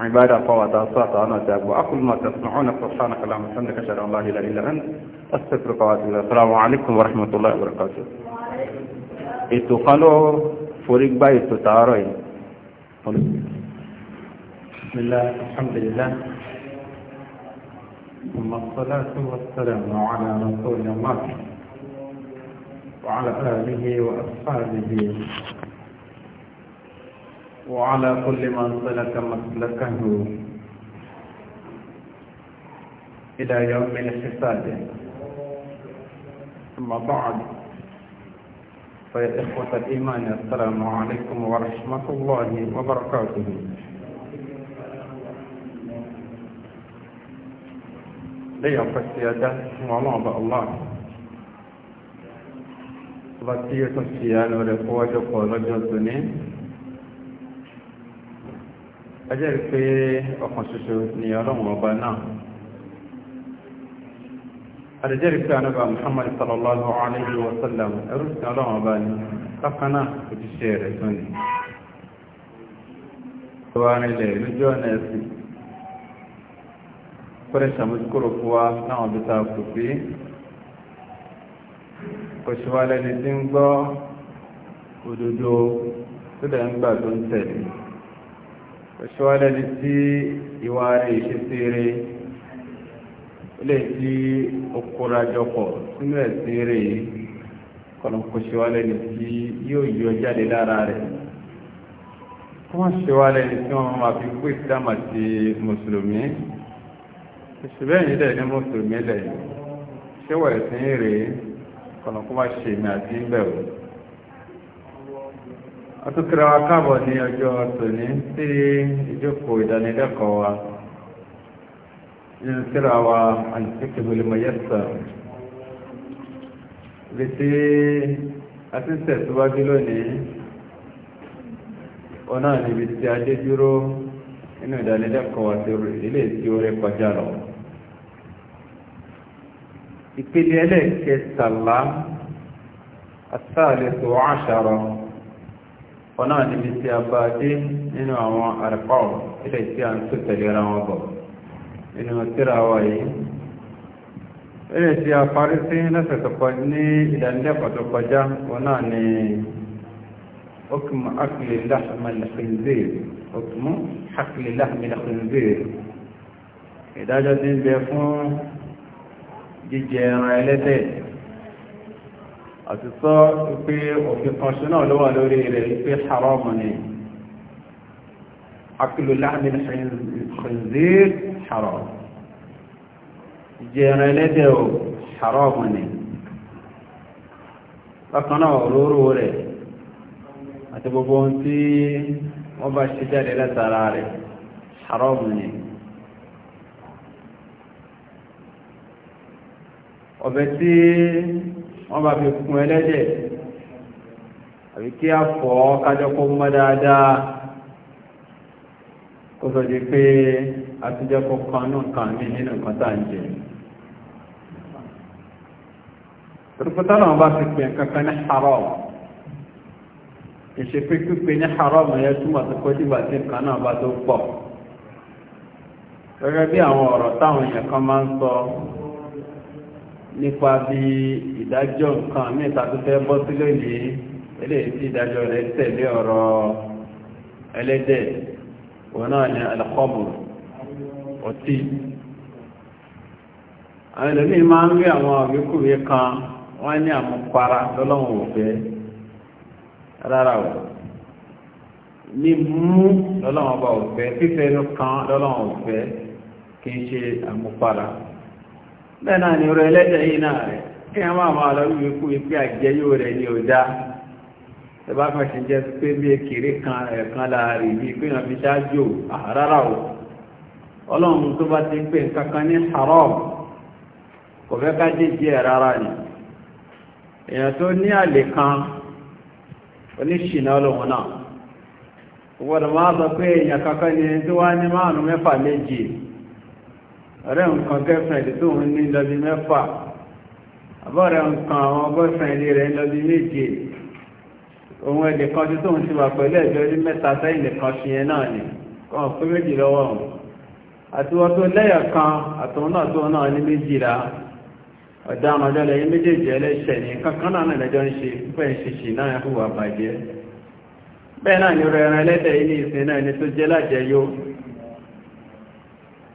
Speaker 2: عبادة قوة أصوات أنا تاب وأقول ما تسمعون سبحانك اللهم سندك شر الله لا إله إلا أنت
Speaker 1: أستغفرك وأتوب السلام عليكم ورحمة الله وبركاته خلو فريق باي إتو تاروي بسم الله الحمد لله ثم الصلاة والسلام على رسول الله وعلى آله وأصحابه وعلى كل من سلك مسلكه إلى يوم الحساب أما بعد فيا إخوة الإيمان السلام عليكم ورحمة الله وبركاته ليقف فسيادة ومعض الله فسيادة السيان ورقوة قول الدنيا ajẹ́ rí pé ọkàn ṣoṣo ni ọlọ́run ọba náà àdẹ̀jẹ́ rí pé anábà muhammad sallallahu alayhi wa sallam ẹrú sí ọlọ́run ọba ni kákanáà ojúṣe rẹ̀ tó ní ìwárìnlẹ̀ lójú ọ̀nà ẹ̀sìn kọ́rẹ̀ ṣàmójúkòrò fún wa bí ta kò pé kò ṣe wá tí ń gbọ́ òdodo tó dẹ̀ ń gbà tó ń tẹ̀lé òṣùwà lẹ́ni tí ìwà rẹ̀ ìṣesí rẹ̀ lè ti okòrajọpọ̀ sínú ẹ̀sìn rẹ̀ yìí kọ̀nà kò ṣùwà lẹ́ni tí yóò yọ jáde lára rẹ̀ wọ́n ṣùwà lẹ́ni tí wọ́n máa fi kú ìsìlámà ti mùsùlùmí ìṣùgbẹ́ ní mùsùlùmí lẹ̀ ṣéwà ẹ̀sìn rẹ̀ kọ̀nà kó àti ìbẹ̀rù àtúkìrà wa káàbọ̀ ní ọjọ́ tòní sí ìjókòó ìdánilẹ́kọ̀ọ́ wa nínú síra wa àìsíkèbìlì mọ̀yẹ́sà lè tí a ti ń tẹ̀síwájú lónìí ọ̀nà níbi tí a dé dúró nínú ìdánilẹ́kọ̀ọ́ wa ti ilé tí ó rẹ kọjá lọ ìpele ẹlẹ́ẹ̀kẹtàlá àtàlẹ́tò àṣàrọ̀ ọ̀nà níbi tí a bá dé nínú àwọn àrẹ́pọ̀ ilẹ̀ tí a ń tó tẹ̀lé ara wọn bọ̀ nínú tíra wa yìí ilẹ̀ tí a parí sí lọ́sẹ̀ tó kọjá ní ìdánilẹ́kọ̀ọ́ tó kọjá ọ̀nà ni okùnmù akìlì láhàmìlẹ̀kìnzèé àti sọ pé òfin kan ṣe náà ló wà lórí rẹ̀ pé haram ni akílò láàrin khinzir haram ìjẹran ẹlẹ́dẹ̀ o haram ni bákan náà òróró rẹ̀ àti gbogbo ohun tí wọ́n bá ṣe jáde látara rẹ̀ haram ni ọ̀bẹ̀ tí wọ́n bá fi kún ẹlẹ́dẹ̀ àbí kí a fọ́ kájọ kó mọ́ dáadáa kó sọ di pé a ti jẹ́ kó kan náà kan mí nínú nǹkan tá à ń jẹ rúpútà náà bá fi pè kankan ní haram ìṣèpé pípé ní haram yẹn túmọ̀ sí kó dìgbà tí nǹkan náà bá tó pọ̀ gẹ́gẹ́ bí àwọn ọ̀rọ̀ táwọn èèyàn kan máa ń sọ nípa bí ìdájọ́ nǹkan mẹ́ta tó fẹ́ bọ́ sí lónìí eléyìí tí ìdájọ́ rẹ̀ tẹ̀lé ọ̀rọ̀ ẹlẹ́dẹ̀ òun náà ni alkọ́bù ọtí àwọn ẹlòmíì máa ń rí àwọn ògbékùnrin kan wọ́n ní àmupara lọ́lọ́run rárá o ní mú lọ́lọ́run ọba òfẹ́ fífẹ́ inú kan lọ́lọ́run òfẹ́ kì ṣe àmupara. bẹ́ẹ̀ ni ọ̀rọ̀ ẹlẹ́dẹ̀ yìí rẹ̀ kí a máa máa lọ wíwé kú wípé àjẹyó rẹ̀ ní ọjà ẹbá kan jẹ́ pé bí kéré kan ẹ̀kan láàrin bí pé wọ́n fi ṣáájú àrárá o ọlọ́run tó bá ti pè kankan ní haram kò fẹ́ ká ọ̀rẹ́ nǹkan girlfriend tó ń ní lọ́bí mẹ́fà àbọ̀rẹ́ nǹkan àwọn boyfriend rẹ̀ ń lọ́bí méje ohun ẹ̀dẹ̀ kan tí tó ń ti wà pẹ̀lú ẹ̀jọ́ orí mẹ́ta sẹ́yìn nìkan ṣe yẹn náà ni kàn pé méjì lọ́wọ́ òun àti wọ́n tó lẹ́yọ̀ kan àtòun náà tó náà ní méjìlá ọ̀daràn ọjọ́ lẹ́yìn méjèèjì ẹlẹ́ṣẹ̀ ní kankan náà lẹ́jọ́ ń ṣe pẹ́ ń ṣe ṣì fún wà bàjẹ́ bẹ́ẹ̀ náà ni rẹ̀rẹ̀ ẹlẹ́dẹ̀ yìí ní ìsìn náà ẹni tó jẹ́ lájẹ́ yóò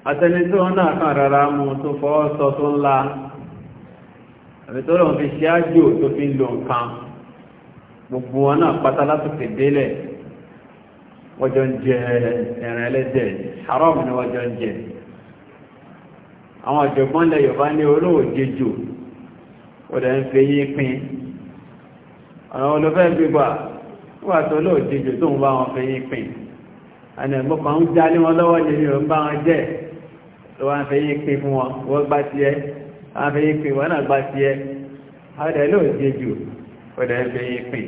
Speaker 1: àtẹnitó náà kàn rárá mú tó fọwọ́ sọ tó ńlá àbí tó lọ́n fi ṣe ájò tó fi ń lo nǹkan gbogbo wọn náà pátá látòkè délẹ̀ wọ́n jọ ń jẹ ẹran ẹlẹ́dẹ̀ haram ni wọ́n jọ ń jẹ àwọn ọ̀jọ̀gbọ́n lẹ Yorùbá ní olóòjejò ó dẹ̀ ń fi yí pín ọ̀nà olófẹ́ gbígbà wà tó olóòjejò tó ń bá wọn fi yí pín ẹni ẹ̀gbọ́n kan ń jálé wọn lọ́wọ́ ní ìrìn bá wọn jẹ́ wọ́n fẹ́ yí pé fún wọn wọ́n gbá ti ẹ́ wọ́n fẹ́ yí pé wọ́n náà gbá ti ẹ́ ọdẹ ló jẹ jù ọdẹ ń fẹ́ yí pé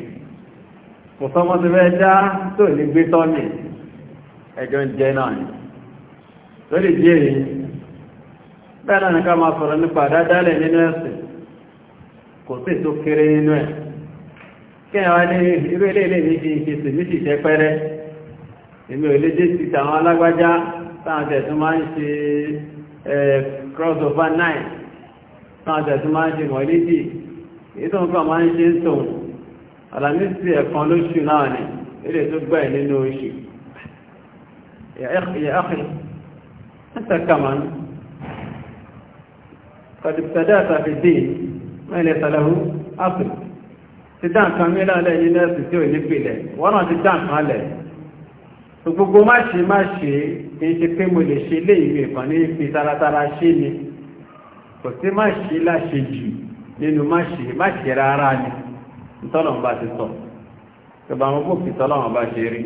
Speaker 1: kò sọmọ tó fẹ́ dá tó ní gbé tọ́mì ẹjọ́ ń náà ni tó lè jẹ́ èyí bẹ́ẹ̀ náà nìkan máa sọ̀rọ̀ nípa àdádálẹ̀ nínú ẹ̀sìn kò sí tó kéré nínú ẹ̀ kí ẹ̀wà ní irú ilé ilé ní fi ìṣèṣì ní ṣìṣẹ́ pẹ́rẹ́ èmi ò lè dé tàwọn alágbájá sáàtẹ̀ tó máa ń ṣe cross over nine sáàtẹ̀ tó máa ń ṣe mọ̀lídì ìtọ́ nǹkan máa ń ṣe ń tòun àlàmísì ẹ̀kan lóṣù ni ilé tó gbà ẹ̀ nínú oṣù yà áhì ẹ́sàkàmán kọ̀dìpẹ̀dẹ́ àtàfi dín mẹ́lẹ̀ sàlẹ̀hú ápù ti dáǹkan mílẹ̀ lẹ́yìn nẹ́ẹ̀sì tí ò ní pìlẹ̀ wọ́n náà ti dáǹkan lẹ̀ gbogbo má ṣe má ṣe èyí ti pé mo lè ṣe lé ìwé ìkan ní fi taratara ṣe ni kò sí má ṣe láṣe jù nínú má ṣe má ṣe rárá ni ìtọ́lọ̀mù bá ti sọ ìjọba àwọn gbòòfin ìtọ́lọ̀mù bá ṣe rí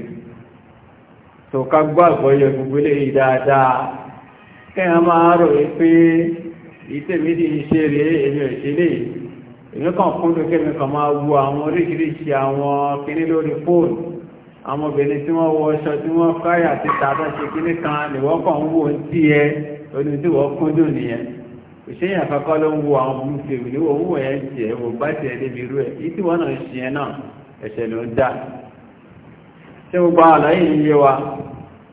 Speaker 1: tó ká gbọ́ àgbọ́yẹ gbogbo eléyìí dáadáa kẹ́yàn máa rò é pé ìtẹ̀mí ti ṣe rèé èmi ò ṣe léyìí èmi kàn fún lókè mi kàn máa wo àwọn oríṣiríṣi àwọn kinní lórí fóònù àwọn obìnrin tí wọ́n wọ ọṣọ tí wọ́n káyà ti tààtà ṣe kíní kan nìwọ́kàn ń wò ń tí ẹ oní tí wọ́n kúndùn nìyẹn òṣèyàn kankan ló ń wo àwọn ọmọ fèrè ní òun wò yẹn jẹ wò bá débi irú ẹ̀ yìí tí wa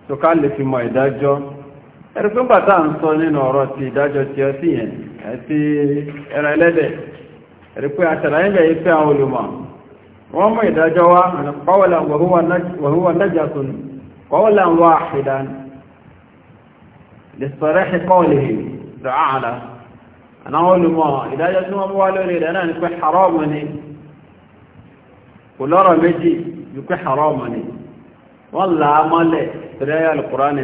Speaker 1: tó ká lè fi mọ ìdájọ́ bàtà ń sọ nínú ọ̀rọ̀ ti ìdájọ́ ti ọtí yẹn àti ẹlẹ́dẹ̀ pé wọ́n mú ìdájọ́ wá qawlan wa huwa najasun qawlan wahidan lissarahi qawlihi ta'ala àwọn olùmọ̀ ìdájọ́ tí wọ́n mú wá lórí rẹ̀ náà ni pé haramu ni kò lọ́rọ̀ méjì ju pé haramu wọ́n làá mọ́lẹ̀ tẹ́lẹ̀ alukùránì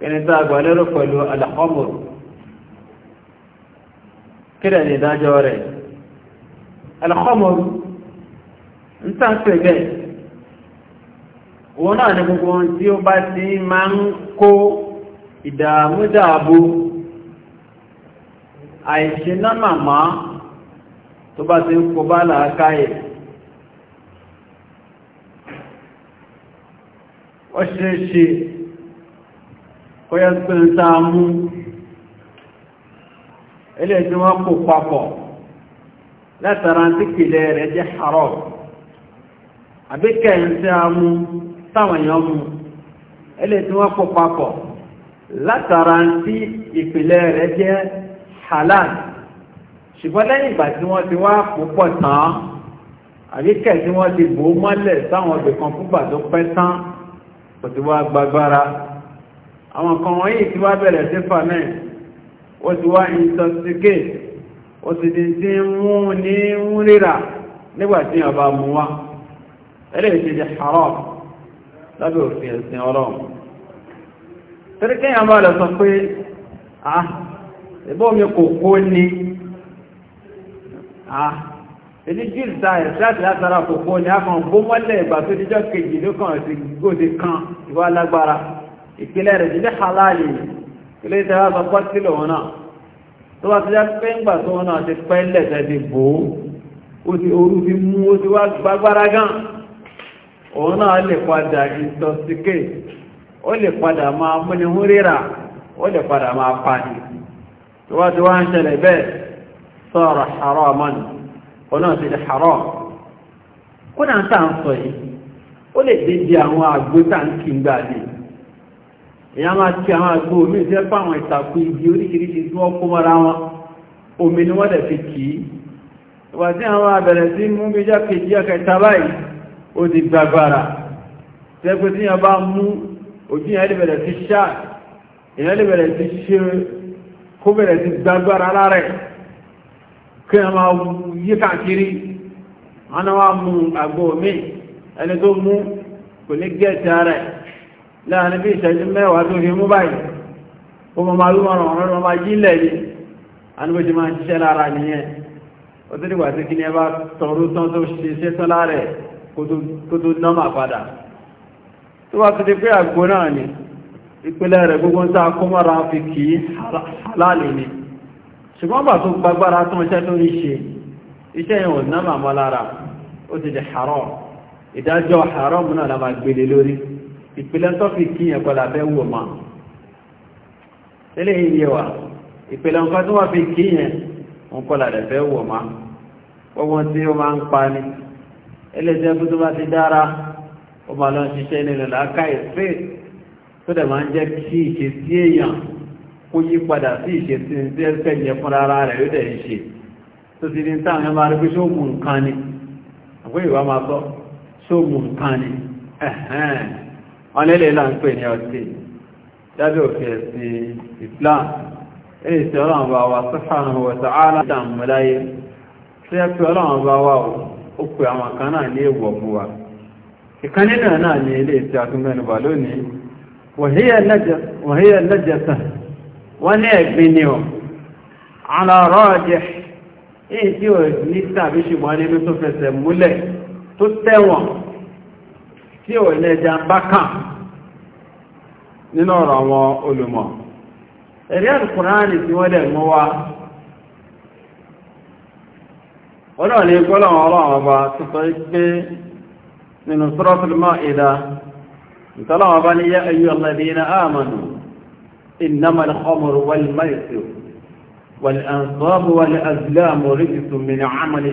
Speaker 1: ẹni tó agbàlérò pẹ̀lú alàkọ́mùrù kílẹ̀ ní ìdájọ́ rẹ̀ alàkọ́mùrù ń tàn pè bẹ́ẹ̀ òun náà ní gbogbo tí ó bá ti ma ń kó ti ń kó bá kọ́yẹ́ pé ń sáà mú ilé tí wọ́n kò papọ̀ látara tí kìlẹ̀ rẹ̀ jẹ́ àrọ̀ àbíkẹ́ ń sáà mú táwọn èèyàn mú ilé tí wọ́n kò papọ̀ látara tí ìpìlẹ̀ rẹ̀ jẹ́ halal ṣùgbọ́n lẹ́yìn ìgbà tí wọ́n ti wá púpọ̀ tán àbíkẹ́ tí wọ́n ti bò mọ́lẹ̀ sáwọn ọ̀gbẹ̀kan fúgbà tó pẹ́ tán kò ti wá gbagbára àwọn kan wọ́nyí ti wá bẹ̀rẹ̀ sí fàmẹ́ ó ti wá intoxicate ó ti di tí mú ní mú ríra nígbàtí ọba mú wá ẹ̀rẹ́ ìṣẹ́jẹ haram lábẹ́ òfin ẹ̀sìn ọlọ́run torí bá lọ sọ pé ah ìbọn mi ah èdè jíìl ta ẹ̀sáàtì látara kòkó ní a kan bó mọ́lẹ̀ ìgbà tó díjọ́ kejì ló kàn sí gòdè kan ìwà lágbára ìpínlẹ̀ rẹ̀ jílẹ̀ aláàlì ilé ìtẹ́wà sọ pọ́ sílò wọn náà tó bá ti jẹ́ pé ń gbà tó wọn náà ti pẹ́ ti bò ó ti orú mú ó ti wá gbágbára gan òun náà lè padà ìtọ̀síkè ó lè padà máa múni hún ríra ó lè padà máa pàdé tó ti wá ń ṣẹlẹ̀ bẹ́ẹ̀ òun náà tà ń sọ ó lè dé di àwọn àgbótà ń kí ń èyàn máa kí àwọn àgbò omi ìṣẹ́ fún àwọn ìtàkù igi oríṣiríṣi tí wọ́n kó mọ́ra wọn omi ni wọ́n dẹ̀ fi kì í ìwà tí àwọn abẹ̀rẹ̀ sí mú bí jẹ́ kejì ẹ̀kẹta báyìí ó ti gbàgbàrà tẹ́gbẹ́ tí yẹn bá mú ojú yẹn lè bẹ̀rẹ̀ sí láàrin bí ìṣẹ́jú mẹ́wàá tó fi mú báyìí ó mọ máa lúmọ̀ ọ̀rọ̀ ọ̀rọ̀ máa yílẹ̀ ní anúbójì máa ṣiṣẹ́ lára nìyẹn ó tó dìgbà tí kí ní ẹ bá tọrú tán tó ṣe iṣẹ́ tán láàrẹ̀ kó tó nọ́mà padà tó bá ti di pé àgbo náà ni ìpínlẹ̀ rẹ̀ gbogbo ń sáà kó mọ́ra fi kì í halálì ni ṣùgbọ́n bà tó gbagbára tán iṣẹ́ tó ní ṣe iṣẹ́ yẹn ò nọ́mà mọ́ lára ó ti di haram ìdájọ́ haram náà la máa gbélé lórí ìpìlẹ̀ tọ́fìkì yẹn kọ́ làbẹ́ wò ma tẹ́lẹ̀ yìí yẹ wa ìpìlẹ̀ nǹkan tó wà fi kí yẹn ń kọ́ làbẹ́ wò ma wọ́n tí ó máa ń pa ni ẹlẹ́sẹ̀ fún tó bá ti dára ó máa lọ ṣiṣẹ́ nínú làákà ìfẹ́ tó dẹ̀ máa ń jẹ́ kí ìṣesí èèyàn kó yí padà sí ìṣesí tí ẹ̀fẹ́ yẹn fúnra ara rẹ̀ ó dẹ̀ ń ṣe ọ̀nẹ́lẹ̀ náà ń pè ní ọtí lábẹ́ òfin ẹ̀sìn Islam ẹni tí ọlọ́run bá wa subhanahu wa ta'ala dàmúláyé tí ẹ pé ọlọ́run bá wà ó pè àwọn kan náà ní èèwọ̀ fún wa ìkan nínú náà ní ilé ìtì tí ò ní tàbí ṣùgbọ́n nínú tí ò ní ẹja bá kàn nínú ọ̀rọ̀ àwọn olùmọ̀ ẹ̀rí àdùkùnránì tí wọ́n dẹ̀ mú wá wọ́n náà ní gbọ́lọ̀wọ̀n ọlọ́run ọba tó sọ pé nínú suratul Maida ìtọ́lọ́wọ̀n ọba ní yá ayyuhal ladina amanu innamal khamru wal maisiru wal ansabu wal azlamu rijsun min amali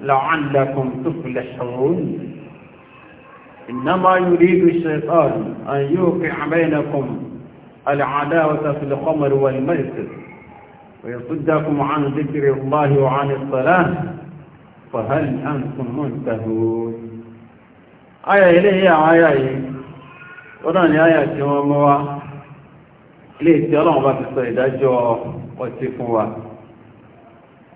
Speaker 1: لعلكم تفلحون إنما يريد الشيطان أن يوقع بينكم العداوة في الخمر والميسر ويصدكم عن ذكر الله وعن الصلاة فهل أنتم منتهون آية إليه آية إليه آية جواموا ليه ترى الصيدة تستيدجوا وتفوا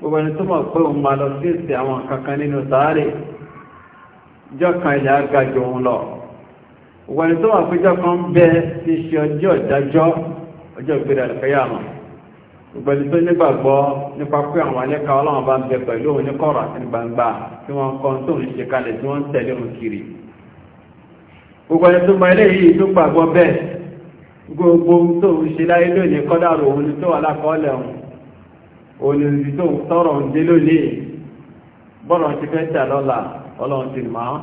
Speaker 1: gbogbo ẹni tó mọ̀ pé òun máa lọ sí ìsẹ̀ àwọn kankan nínú sàárè jọ́kan ilẹ̀ agajọ òun lọ gbogbo ẹni tó mọ̀ pé jọ́kan bẹ ti ṣe ọjọ́ ìdájọ́ ọjọ́ ìgbéra ìfẹ́yàmọ̀ gbogbo ẹni tó nígbàgbọ́ nípa pé àwọn alẹ́ka ọlọ́run bá ń bẹ pẹ̀lú òun ní kọ̀rọ̀ àti gbangba tí wọ́n kọ́ tó ń ṣe kalẹ̀ tí wọ́n ń tẹ̀lé òun kiri gbogbo ẹni tó mọ eléyìí tó gbàgbọ́ bẹ́ẹ̀ gbogbo tó ń ṣe láyé lónìí kọ́dà òun tó wà lákọọ́lẹ̀ òun olùrìbí tó tọrọ ń dé lónìí bọ́rọ̀ ti fẹ́ tà lọ́la ọlọ́run ti mọ̀ án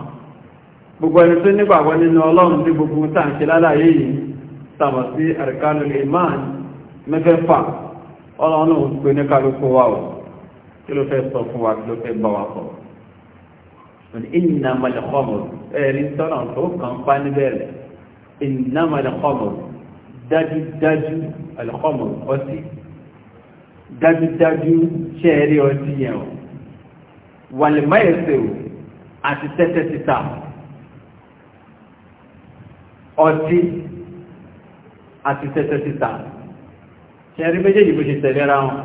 Speaker 1: gbogbo ẹni tó nígbàgbọ́ nínú ọlọ́run tí gbogbo tá à ń ṣe láláyé yìí tàbọ̀ sí àríkánu iman mẹ́fẹ́fà ọlọ́run ò pé ní kálukú wa o kí ló fẹ́ sọ fún wa kí ló fẹ́ bá wa sọ innamal khamr ẹ̀rí tọ́nà dájúdájú ṣẹ́ẹ̀rí ọtí yẹn o wàlìmọ́ ẹ̀sẹ̀ o àti tẹ́tẹ́ títà ọtí àti tẹ́tẹ́ títà ṣẹ́ẹ̀rí méjèèjì bó ṣe tẹ̀lera wọn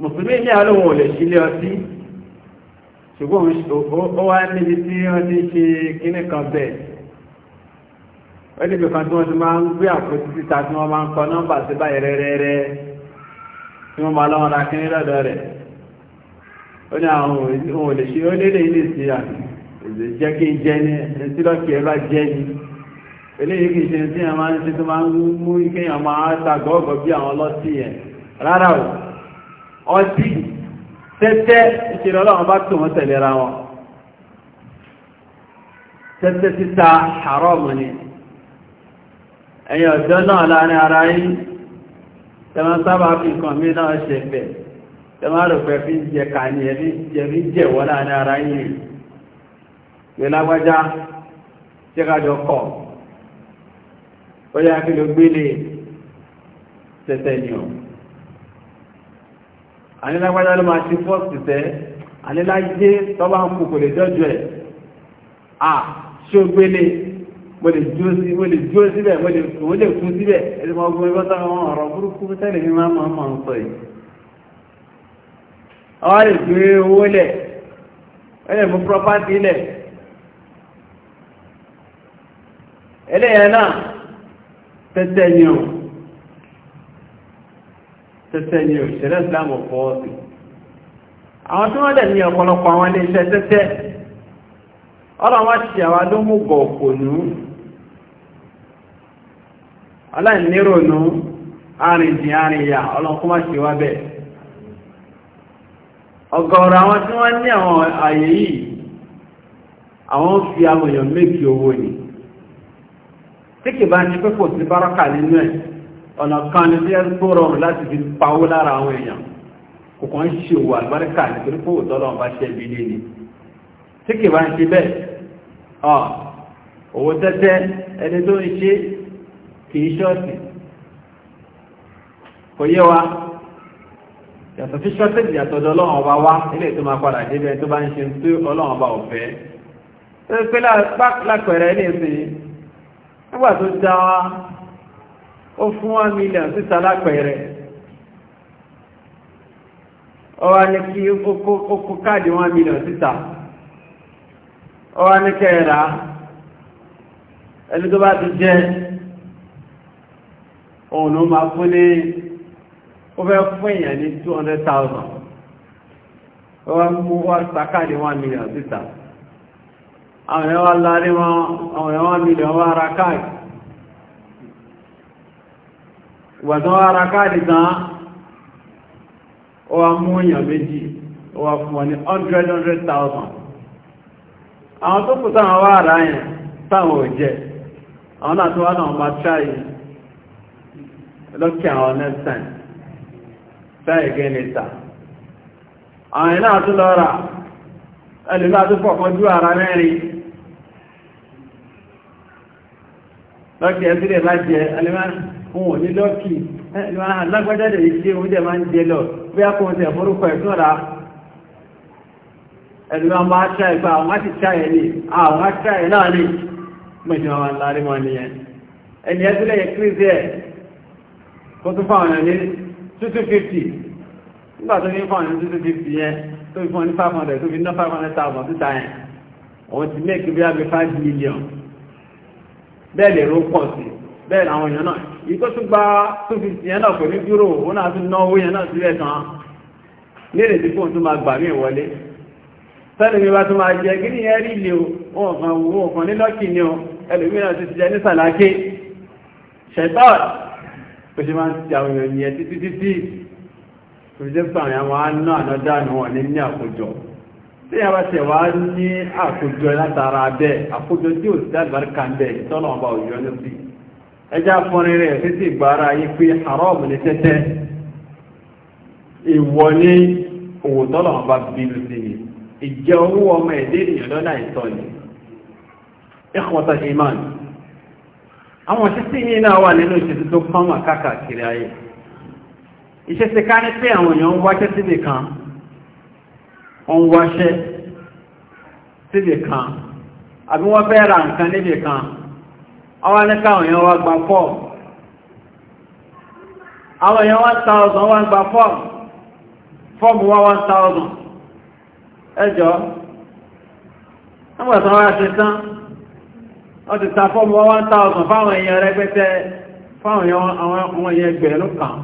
Speaker 1: mùsùlùmí ní àlóhun ò lè sílé ọtí ṣùgbọ́n ó wá níbi tí wọ́n ti ṣe kíní kan bẹ́ẹ̀ ó níbi kan tí wọ́n ti máa ń gbé àpótí títà tí wọ́n máa ń kọ nọ́mbà sí báyìí rẹ́rẹ́rẹ́ tí wọ́n máa lọ́wọ́n ra kí ní lọ́dọ̀ rẹ̀ ó ní àwọn ohun lè ṣe ó lélè ilé sí àmì èdè jẹ́ kí n jẹ́ ní ẹni tí lọ́kì ẹ bá jẹ́ ní eléyìí kì í ṣe tí wọ́n máa ń ṣe tó máa ń mú kéèyàn máa ṣàgọ́gọ́ bí àwọn ọlọ́tí yẹn rárá o ọtí tẹ́tẹ́ ìṣẹ̀lẹ̀ ọlọ́run bá tó wọn tẹ̀lera wọn tẹ́tẹ́ títa haram ni ẹ̀yin ọ̀dọ́ náà láàrin ara yìí tẹ́mà sábà fi nǹkan mí náà ṣe pẹ̀ tẹ́mà rò pẹ̀ fi jẹ kàní ẹ̀rí jẹ̀rí jẹ̀wọ́ láàrin ara yìí pé lágbájá tí kájọ kọ̀ ó yá kí ló gbélé tẹ́tẹ́ ni ọ̀ ànílágbájá ló máa ti fọ́ọ̀sì tẹ́ àníláyé tọ́bá ń kò kò lè jọ́jọ́ ẹ̀ à ṣó gbélé mo lè dúró síbẹ̀ mo lè kú síbẹ̀ ẹni mọ́ ọgbọ́n ẹgbọ́n táwọn ọ̀rọ̀ burúkú tẹ́lẹ̀ ní máa mọ́ mọ́ sọ yìí àwọn lè gbé owó lẹ̀ ẹlẹ́ mú property lẹ̀ ẹlẹ́yà náà tẹ́tẹ́ ni ọ̀ tẹ́tẹ́ ni ọ̀ ṣẹlẹ̀ ìsìlámù fọ́ sí àwọn tí wọ́n lẹ̀ ní ọ̀pọ̀lọpọ̀ àwọn ilé iṣẹ́ tẹ́tẹ́ ọlọ́wọ́ ti àwọn adómùgọ̀ òpònú aláìnírònú arìnjìn arìnyà ọlọ́kúnmá ṣe wá bẹ̀ ọ̀gọ̀ọ̀rọ̀ àwọn tí wọ́n ní àwọn àyè yìí àwọn fi àwọn èèyàn méjì owó ni tí kì bá ní pẹ́pọ̀ sí bárọ́kà nínú ẹ̀ ọ̀nà kan ní tí ẹ gbọ́rọ̀ láti fi pawó lára àwọn èèyàn kò kàn ṣe òwò àlùbáríkà nítorí pé òtọ́lọ́ bá ṣe ibi ilé tí kì bá ń ṣe bẹ́ẹ̀ owó tẹ́tẹ́ ẹni tó ń ṣe kìí ṣọ́ọ̀tì kò yé wa yàtọ̀ sí ṣọ́ọ̀tì yàtọ̀dọ̀ ọlọ́run ọba wá ilé tó máa padà débẹ̀ tó bá ń ṣe tó ọlọ́run ọba ọ̀fẹ́ tó pé lápẹ̀rẹ̀ ní ìsìn nígbà tó dá wa ó fún one million síta lápẹ̀rẹ̀ ó ní kí ó kó káàdì one million síta ó ní kẹ́ẹ̀rà ẹni tó bá ti jẹ́ òun ma máa fún ní ó fẹ́ fún èèyàn ní 200,000 ó wá mú wá sàkàdé 1 million títà àwọn èèyàn lárí wọn àwọn èèyàn million wá ara káàdì ìgbàtán ara káàdì tán ó wá mú èèyàn méjì ó wá fún wọn ní 100,000 àwọn tó wá ara yẹn táwọn ò jẹ àwọn náà tó wá lókè àwọn nẹ́sàn fẹ́ẹ̀gẹ́ nìta àwọn iná tó lọ́ra ẹlùmí àtúfọ̀ kan jú ara mẹ́rin lókè ẹ̀sílẹ̀ bá jẹ ẹlùmí fún òní lókè ẹlùmí alágbájáde ìṣe oúnjẹ máa ń jẹ lọ bí akóhùnsẹ̀ forúkọ ẹ̀túnra ẹlùmí àwọn aṣá ẹgbà àwọn aṣíṣá ẹ̀ ní àwọn aṣá ẹ̀ náà ní mẹ́jọ àwọn alárímọ̀ nìyẹn ẹni ẹ̀sílẹ̀ yẹ kírísẹ̀ kó tún fáwọn ẹni 250 nígbà ní fáwọn ẹni 250 yẹn tó fi fún ní 500 tó fi ná 500,000 títà yẹn òun ti mẹ́kì bí i 5 million bẹ́ẹ̀ lè ró pọ̀ sí bẹ́ẹ̀ làwọn èèyàn náà ìkó tún gba 250 yẹn náà kò ní dúró òun náà tún ná yẹn náà sílẹ̀ tán lérè tí fóun tún máa gbà mí wọlé sẹ́ni mi bá tún máa jẹ kí ní ẹrí ilé o wọn kan nílọ́kì ni o ẹlòmíràn ti ti jẹ ní sàlákè ṣẹ̀tọ́ọ̀tì ó ṣe máa ń ti àwọn èèyàn yẹn títí títí ìfìdẹ́pà àwọn àwọn aná ànádánù wọn ní àkójọ tí a bá tẹ̀ wá ní àkójọ látara abẹ́ àkójọ tí ò sí àgbàríkà ń bẹ̀ ìtọ́nà ọba òjò ní sí ẹjá fọ́nrin rẹ̀ títí gbára yí pé àrọ́ọ̀mù ní tẹ́tẹ́ ìwọ ní òwò tọ́nà ọba bínú sí ni ìjẹ owó ọmọ ẹ̀dẹ́ ènìyàn ìtọ́ni ẹ̀kọ́ta iman àwọn òṣìṣẹ́ ní náà wà nínú ìṣẹ́sí tó kọ́mà káàkiri ayé ìṣẹ́sí ká ní pé àwọn èèyàn ń wáṣẹ́ síbì kan wọ́n ń wáṣẹ́ síbì kan àbí wọ́n fẹ́ ra nǹkan níbì kan àwọn ní káwọn èèyàn wá gba fọ́ọ̀mù àwọn èèyàn 1000 wá gba fọ́ọ̀mù fọ́ọ̀mù wá 1000 ẹjọ́ wọ́n ti ta fọ́ọ̀mù 1000 fáwọn èèyàn rẹpẹtẹ fáwọn èèyàn ẹgbẹ̀rún kan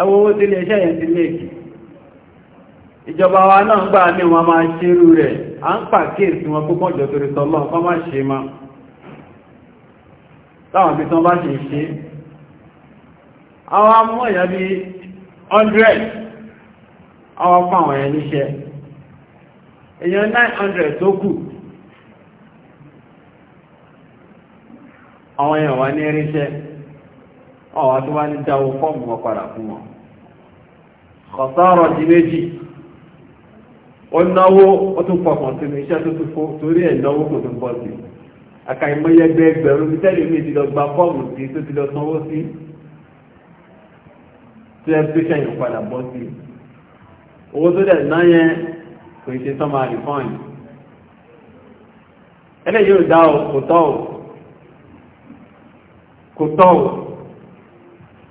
Speaker 1: ẹwọ owó tí lè ṣẹ́yẹ̀ ti lèkì ìjọba wa náà gbà ní wọn máa ṣerú rẹ̀ a ń pàkíyèsí wọn púpọ̀ jọ 900 tó kù àwọn èèyàn wá ní irinṣẹ́ ọ̀wá tó wá ní dáwó fọ́ọ̀mù wọn padà fún wọn kọ̀sọ́rọ̀ di méjì ó náwó ó tún pọ̀pọ̀ sí ní iṣẹ́ tó tún fó torí ẹ̀ náwó kò tún bọ́ sí àkà ìmọ̀yẹgbẹ́ ẹgbẹ̀rún mi tẹ́lẹ̀ mi ti lọ gba fọ́ọ̀mù sí tó ti lọ sanwó sí tí ẹ tó ṣẹ̀yìn padà bọ́ sí owó tó dẹ̀ náà yẹn kò ṣe sọ́mà rìfọ́ìn ẹlẹ́yìí ò dá ò kò tọ́ kò tọ́ ò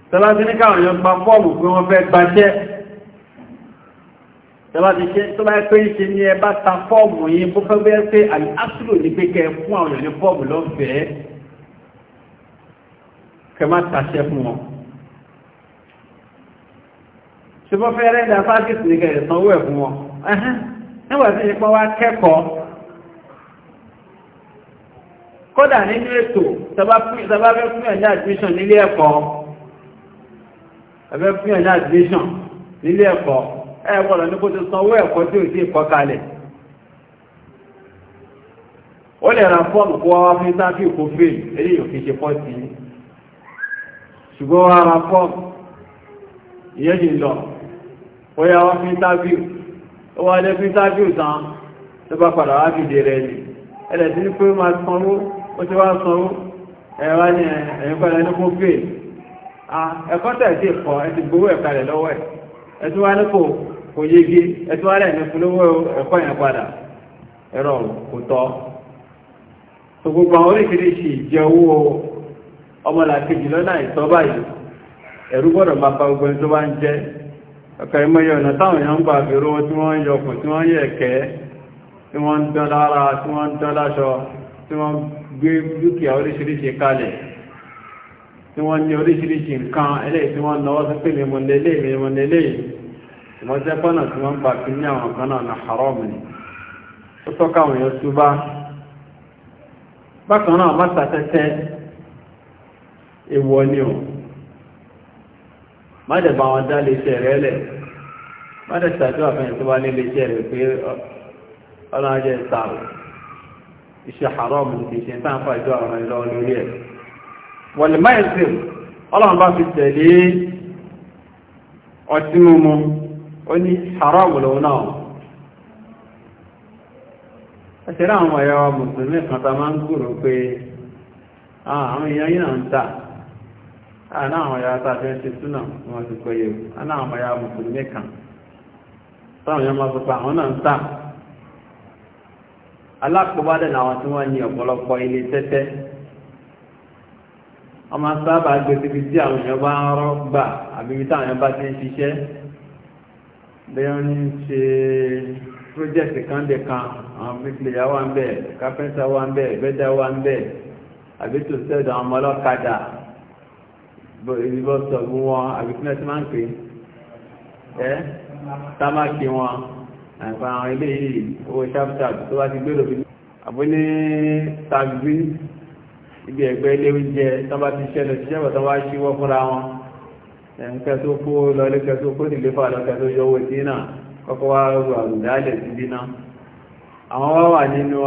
Speaker 1: tẹ́lá ti ní káwọn èèyàn pa fọ́ọ̀mù pé wọ́n fẹ́ gbaṣẹ́ tẹ́lá ti ṣe tó bá yẹ pé ṣe ni ẹ bá ta fọ́ọ̀mù yìí bó fẹ́ bẹ́ẹ̀ pé àmì áṣùlò ní pé kẹ fún àwọn èèyàn ní fọ́ọ̀mù lọ́fẹ̀ẹ́ kẹ má taṣẹ́ fún wọn ṣe bọ́ fẹ́ rẹ́ ìdá fásitì ní kẹ ìsanwó ẹ̀ fún wọn nígbà tí ìpọ́n wá kẹ́kọ̀ọ́ kódà nínú ètò tàbá fẹ́ fún ẹ̀dá admission nílé ẹ̀kọ́ ẹ̀fẹ́ fún ẹ̀dá admission nílé ẹ̀kọ́ ẹ̀kọ́lọ̀ ní kó ti sanwó ẹ̀kọ́ tí ò sí ìkọ́ kalẹ̀ ó lè ra fọ́ọ̀mù kó wá fún sáfì kó fèl eré òfin ṣe pọ́ sí ṣùgbọ́n wá ra fọ́ọ̀mù ìyẹn ti lọ ó yá wá fún sáfì ó wá lé fún sáfì tán tó bá padà wá fìdí rẹ̀ ni ẹlẹ́sìn pé máa sanwó ó ti wá sanwó ẹ̀wà ní ẹ̀yìn pẹ̀lẹ̀ ní kó fèé ẹ̀kọ́ tẹ̀sí ẹ̀kọ́ ẹ̀tì gbowó ẹ̀ka rẹ̀ ko yege àwọn oríṣiríṣi ìjẹ owó ọmọlàkejì lọ́nà ìtọ́ báyìí ẹ̀rú gbọ́dọ̀ máa pa tó bá ń jẹ́ ọ̀kà ìmọ̀ye ọ̀nà táwọn èèyàn ń gbà tí gbé dúkìá oríṣiríṣi kalẹ̀ tí wọ́n ní oríṣiríṣi nǹkan eléyìí tí wọ́n náwó sí pé mímọ̀ lélẹ̀ mímọ̀ lélẹ̀ ìmọ̀ jẹ́ pọ́nà tí wọ́n gbà fi ní àwọn kan náà na haram ni ó tọ́ka àwọn èèyàn tó bá bákan náà má sàtẹ́tẹ́ èwọ̀ ni ò má dẹ̀ bá wọn dá lè ṣe lẹ̀ má sàtẹ́ àfẹ́yìn tó bá lè ṣe pé ọlọ́run jẹ́ iṣẹ́ haram ti ṣe tánfà ìjọ àwọn ìlọ lórí ẹ̀ wọ̀lẹ̀ maizim ọlọ́run bá fi tẹ̀lé ọtí mímu ó ní haramu lòun náà ẹ̀ṣẹ̀rẹ̀ àwọn ọ̀yọ́ mùsùlùmí kan ta máa alákòbádẹ̀ làwọn tí wọ́n ní ọ̀pọ̀lọpọ̀ ilé tẹ́tẹ́ ọmọ sábà gbèsèbí tí àwọn èèyàn bá ń rọ́ gbà àbíbí táwọn èèyàn bá ti ń ṣiṣẹ́ bẹ́ẹ̀ ń ṣe pírójẹ́tì kan bẹ̀ kan àwọn bíkìlìyà wà ń bẹ̀ kápẹ́ńtà wà ń bẹ̀ bẹ́dà wà ń bẹ̀ àbí tó sẹ́dọ̀ àwọn ọmọ ọlọ́kadà ìbọn sọ̀gbọ́n wọn àbí kí wọ́n ti máa ń pè é támákì wọn àpá àwọn ilé yìí owó sharp-sharp tó wá ti gbé lòfin àbó ní tàbí ibi ẹ̀gbẹ́ ilé oúnjẹ tán bá ti ṣẹ́ lọ ṣiṣẹ́ bọ̀ tán wá ṣíwọ́ fúnra wọn ẹ̀ǹkẹ́ tó kó lọlé kẹ́ tó kó nílé fà lọ́kẹ́ tó yọwọ́ sí náà kọ́kọ́ wá rú àrùdálẹ̀ sí bí náà àwọn wá wà nínú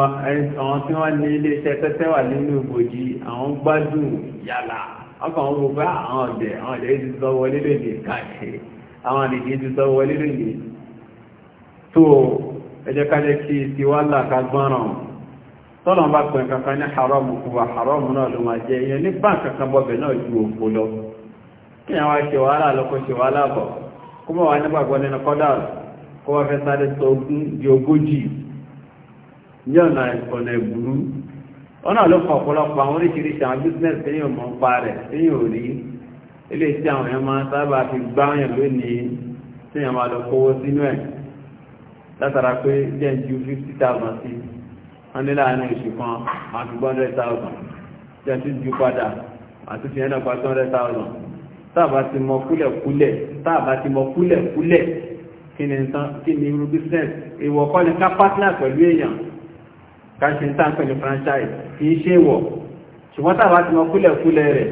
Speaker 1: àwọn tí wọ́n ní ilé iṣẹ́ tẹ́tẹ́ wà nínú ìbòjì àwọn gbádùn yàlà ọkàn wọn gbogbo àwọn ọ̀dẹ̀ àwọn ọ̀dẹ̀ ti sọ wọlé lónìí káàkiri àwọn àdìdí ti sọ wọlé lónìí tó ẹjẹ́kájẹ́ kí ti wá láàká gbọ́nà tọ́lọ̀n bá pẹ̀ kankan ní haramu kú wa haramu náà ló máa jẹ ìyẹn ní bá kankan bọ́bẹ̀ náà ju òfò lọ kí àwọn ṣe wàhálà lọ́kọ́ ṣe wàhálà bọ̀ kó mọ̀ wá nígbàgbọ́ nínú kọ́dà kó wá fẹ́ sáré tó ogún di ogójì ní ọ̀nà ọ̀nà ìgbúrú ọ̀nà ló kọ̀ ọ̀pọ̀lọpọ̀ àwọn oríṣiríṣi àwọn bísínẹ́sì tí yóò mọ̀ ń pa rẹ̀ tí yóò rí ilé tí àwọn èèyàn máa sábà fi gbáyàn lónìí tí èèyàn máa lọ kówó sínú ẹ̀ látara pé jẹ́ ju 50,000 sí wọ́n ní láàrin oṣù kan àti 100,000 jẹ́ tí ju padà àti fi ẹ̀nà pa 200,000 táàbà ti mọ kúlẹ̀kúlẹ̀ táàbà ti mọ kúlẹ̀kúlẹ̀ kí ni tán kí ni irú business ìwọ̀ kọ́ ni ká partner pẹ̀lú èèyàn ká ṣe ń tàn pẹ̀lú franchise kì í ṣe wọ̀ ṣùgbọ́n táàbà ti mọ kúlẹ̀kúlẹ̀ rẹ̀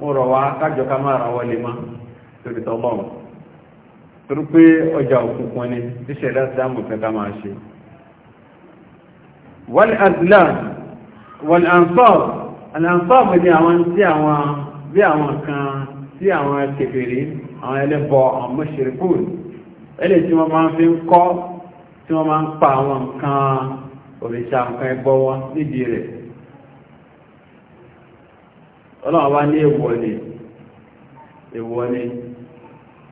Speaker 1: mo rọ̀ wá kájọ ká má ra wọlé mọ́ torí tọ́ bọ́ọ̀ torí pé ọjà òkùnkùn ni tíṣẹ̀ dáadáa mọ̀ fẹ́ ká máa ṣe wal azlam wal ansar al ansar ni àwọn tí àwọn bí àwọn kan tí àwọn kèfèrí àwọn ẹlẹ́bọ àwọn mushrikun ẹlẹ́ tí wọ́n máa fi ń kọ́ tí wọ́n máa ń pa àwọn nǹkan òrìṣà nǹkan ẹgbọ́ wọn nídìí rẹ̀ ọlọ́run wá ní èwọ̀ ni èwọ̀ ni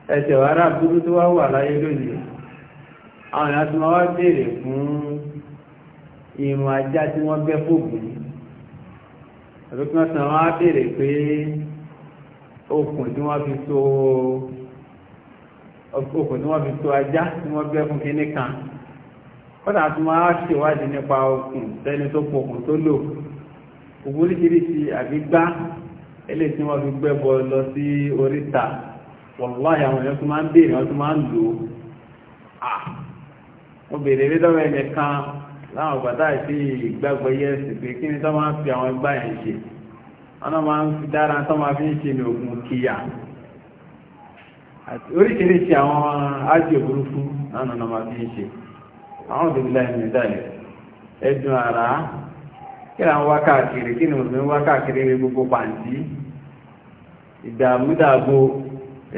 Speaker 1: ẹ̀tẹ̀ wà rá burú tó wá wà láyé lónìí àwọn èèyàn tí wọ́n wá béèrè fún irun ajá tí wọ́n bẹ́ fògùn àbí kí wọ́n sàn wọ́n á béèrè pé okùn tí wọ́n fi so okùn tí wọ́n fi so ajá tí wọ́n bẹ́ fún kinní kan kọ́nà tí wọ́n á ṣèwádìí nípa okùn tẹ́ni tó pokùn tó lò ògbóríṣiríṣi àbí gbá eléyìí tí fi gbẹ́bọ lọ sí oríta. wàláyà àwọn èèyàn tó máa ń béèrè wọn máa ń lò ó béèrè rí lọ́wọ́ ẹni kan láwọn ọ̀gbàdá àti ìgbàgbọ́ yẹ́sì pé kí ni tó máa ń fi àwọn ẹgbà yẹn ṣe wọn máa ń fi dára tó máa fi ń ṣe ní ogun kíyà oríṣiríṣi àwọn ájò burúkú náà nà máa fi ń ṣe àwọn òbí láì ní kí ni àwọn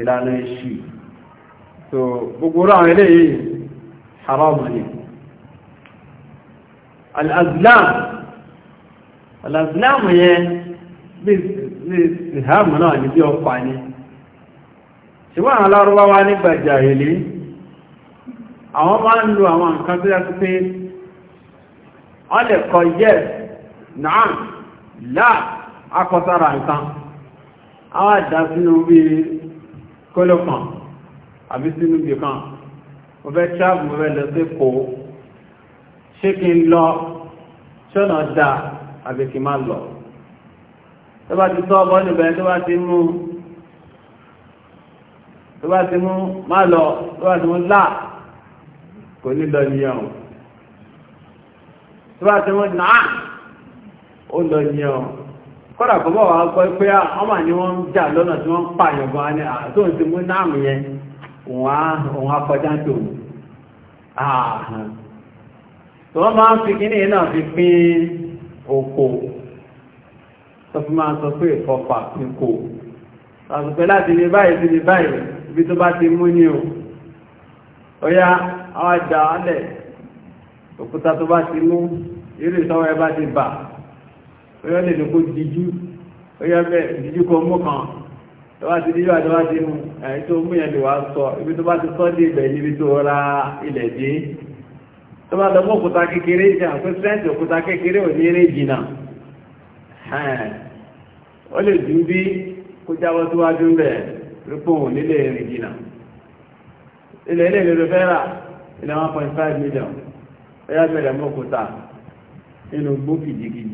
Speaker 1: ìlànà ìṣù so gbogbo àwọn eléyìí haram ni al-azlam al-azlam yẹn bí ìhàmù náà ní bí ọpa ní ṣùgbọ́n àwọn alárúbáwá nígbà jàhílì àwọn máa ń lo àwọn nǹkan tó yàtọ̀ pé wọ́n lè kọ yes náà láà akọsára nǹkan àwọn àdásínú bíi kóló kan àbí sínú ibì kan mo fẹ́ travel mo fẹ́ lọ sí kó ṣé kí n lọ ṣọ́nà dá àbí kí n má lọ tó bá ti tọ́ ọmọ níbẹ̀ tó bá ti mú tó bá ti mú má lọ tó bá ti mú là kò ní lọ nìyẹn o tó bá ti mú nà ó lọ nìyẹn o. kọ́dà kọ́ bọ́ wà ń kọ́ pé ni wọ́n ń jà lọ́nà tí wọ́n ń pààyàn gan ni àtò ti mú náàmù yẹn òun akọjá tó wọ́n máa ń fi kíní náà fi pín oko tó fi máa sọ pé ìfọ́pà pín kò àtùpẹ́ láti lè báyìí lè báyìí ibi tó bá ti mú ní o ọ̀yá àwọn àjà alẹ̀ òkúta tó bá ti mú irú ìsọ́wọ́ ẹ ti bà oyọ́ lè lókó díjú oyọ́ bẹ́ díjú kọ mú kan tọ́wá ti díjú àtọ́wá ti mú ẹ̀yìn tó mú yẹn lè wá sọ ibi tó bá ti sọ́ dé ibẹ̀ níbi tó ra ilẹ̀ dé tó bá lọ́mọ́ òkúta kékeré jà pé sẹ́ǹtì òkúta kékeré ò ní eré jìnnà ó lè dùn bí kó jábọ́ síwájú bẹ̀ rúpò òun nílé rìn jìnnà ilẹ̀ ilé ìlú fẹ́ rà ilẹ̀ 1.5 million ó yá bẹ̀rẹ̀ mọ́ òkúta inú gbó kìjìkìjì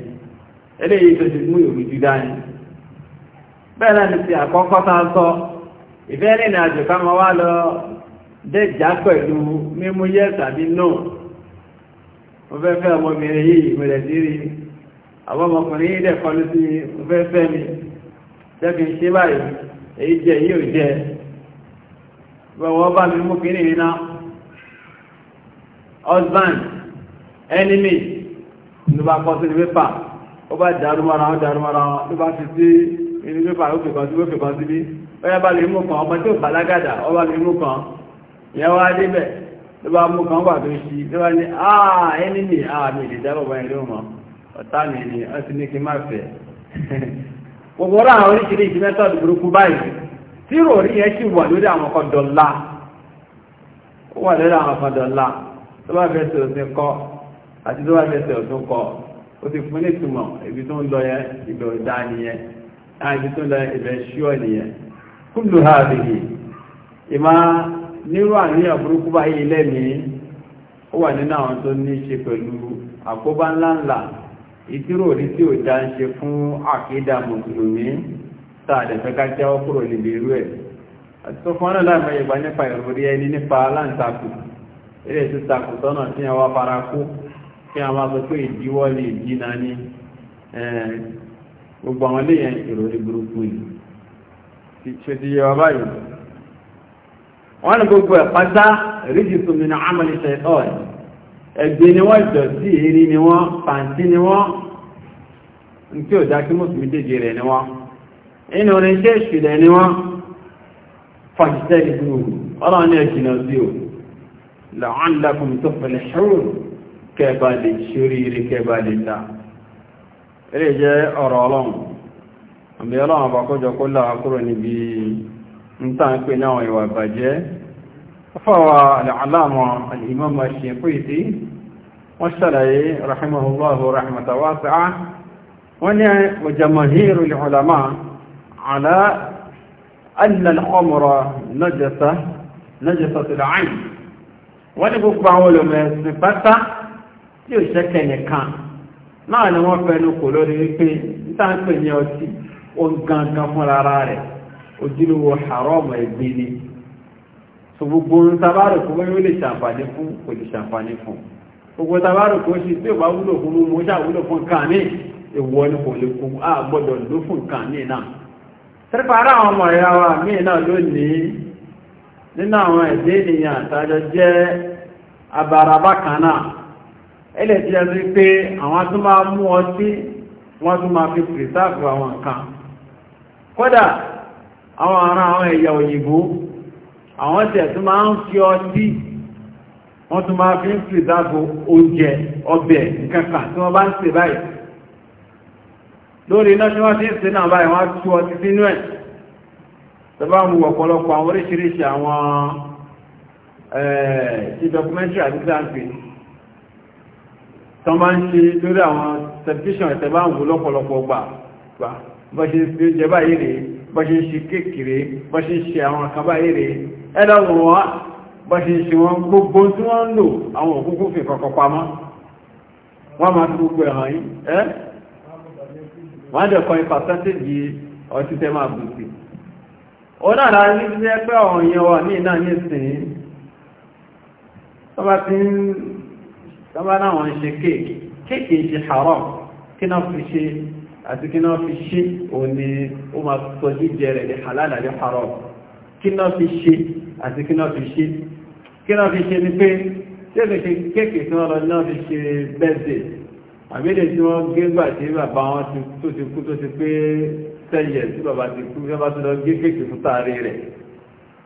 Speaker 1: eléyìí tó ti mú ìrù jù dání bẹ́ẹ̀ náà ni ti àkọ́kọ́ tá a sọ ìfẹ́ nínú àjò ká máa wá lọ dẹ́jà pẹ̀lú mímú yẹ tàbí nù mo fẹ́ fẹ́ ọmọbìnrin yìí ìmọ̀lẹ̀ sí rí àwọn ọmọkùnrin yìí dẹ̀ kọlu sí mo fẹ́ fẹ́ mi jẹ́bi báyìí èyí jẹ ò jẹ bá mi mú kínní husband enemy ló bá kọ́ ó bá dàrú mara wọn dàrú mara wọn ló bá ti sí inú pépà ó fèkàn sí ó fèkàn síbí ó yẹ bá lè mú kan ọmọ tí ò bàlágàdà ó bá lè mú kan ìyẹn wá débẹ̀ ló bá mú kan wà tó ṣí ló bá ní àà ah, ẹni ní àà ah, mi lè dábọ̀ bá ẹni mọ́ ọ̀tá mi ni ó ti ní kí n má fẹ́ gbogbo ọ̀rọ̀ àwọn oríṣiríṣi mẹ́tọ́ọ̀dù burúkú báyìí tí rò rí yẹn sì wà lórí àwọn kan dọ̀la ó wà lórí àwọn kan dọ̀la tó bá fẹ́ sọ̀tún kọ́ àti tó bá fẹ́ sọ̀tún kọ́ o ti fún ní ìtumọ̀ ibi tó ń lọ yẹn ibẹ̀ ọ̀dá nìyẹn àwọn ibi tó ń lọ ibẹ̀ ṣíọ́ nìyẹn ha àbìyì ìmá nírú àníyàn burúkú báyìí lẹ́mìí ó wà nínú àwọn tó ní ṣe pẹ̀lú àkóbá ńláńlá ìdúró orí tí ò dá ń ṣe fún àkídà mùsùlùmí tààdẹ̀fẹ́ ká jáwọ́ kúrò níbi irú ẹ̀ àti tó fún ọ́nà ìgbà nípa ìròrí ẹni nípa tọ́nà tí wọ́n kí a máa sọ pé ìdíwọ́ lè dínà ní gbogbo àwọn léyìn ìròyìn burúkú yìí ṣe ti yẹ wa báyìí wọ́n ní gbogbo ẹ̀ pátá ríjì tòmìnà àmàlì ṣẹ̀tọ́ ẹ̀ ẹgbẹ́ ni wọ́n jọ sí èrí ni wọ́n pàǹtí ni wọ́n tí ó dákí mùsùlùmí dédé rẹ̀ ni wọ́n inú rẹ̀ ṣe ìṣìlẹ̀ ni wọ́n fàṣìṣẹ́ ìgbìmọ̀ ọlọ́run ní ẹ̀jìnà sí ò la'allakum tuflihun kẹba lè ṣoríire kẹba lè ta ilé jẹ́ ọ̀rọ̀ ọlọ́run àmì ọlọ́run àbákọ́jọ kó lára kúrò níbi ń tàn pé náwọn ìwà ìbàjẹ́ fọ́wà aláàmọ̀ alìmọ́mọ̀ ṣe fún ìtí wọ́n ṣàlàyé rahimahullahu rahmatan wasi'a wọ́n ní tí ò ṣẹ́kẹ̀ nìkan náà ni wọ́n fẹnu kò lórí wípé ntáǹpẹ̀ ní ọtí ó ń gangan fún rárá rẹ̀ ojúlówó haramu ẹgbẹ́ ni so gbogbo ohun kó lè fún kò lè fún gbogbo tabaaro kó ṣe tí ò bá wúlò fún fún ìwọ ni kò lè kú á fún náà tẹ́lifà àwọn ọmọ ìyá wa náà lónìí nínú àwọn ẹ̀dẹ́ ènìyàn àtàjọ jẹ́ abaraba kan náà ẹlẹ̀ tí a rí pé àwọn tó máa mú ọtí wọ́n tó máa fi pìrìsáàfù àwọn nǹkan àwọn ará àwọn ẹ̀yà òyìnbó àwọn tẹ̀ tó máa ń fi ọtí wọ́n tó máa fi ń pìrìsáàfù oúnjẹ ọbẹ̀ nǹkankan tí wọ́n bá ń ṣe báyìí tán máa ń ṣe lórí àwọn tẹlifíṣàn ẹ̀tẹ̀ bá ń wò lọ́pọ̀lọpọ̀ gbà bá ṣe ṣe jẹ báyìí rèé bá ṣe ṣe kékeré bá ṣe ṣe àwọn kan báyìí rèé ẹlọ́wọ̀n wá bá ṣe ṣe wọn gbogbo tí wọ́n ń lò àwọn òkúkú fi kọ̀kọ̀ pamọ́ wọ́n máa fi gbogbo ẹ̀hàn yìí ẹ́ wọ́n dẹ̀ kọ́ ipa sátẹ́jì ọtí tẹ́ máa gbèsè ó dára ní ṣe pé ọ̀yàn wà ní ìnáà ní ìsìn tọ́bá náà ń ṣe kéèkì kéèkì ṣe haram kí náà fi ṣe àti kí náà fi ṣe òun ni ó máa sọ jíjẹ rẹ̀ ní halal àbí haram kí náà fi ṣe àti kí náà fi ṣe kí náà fi ṣe ni pé kéèkì tí wọ́n lọ náà fi ṣe bẹ́ẹ̀dẹ̀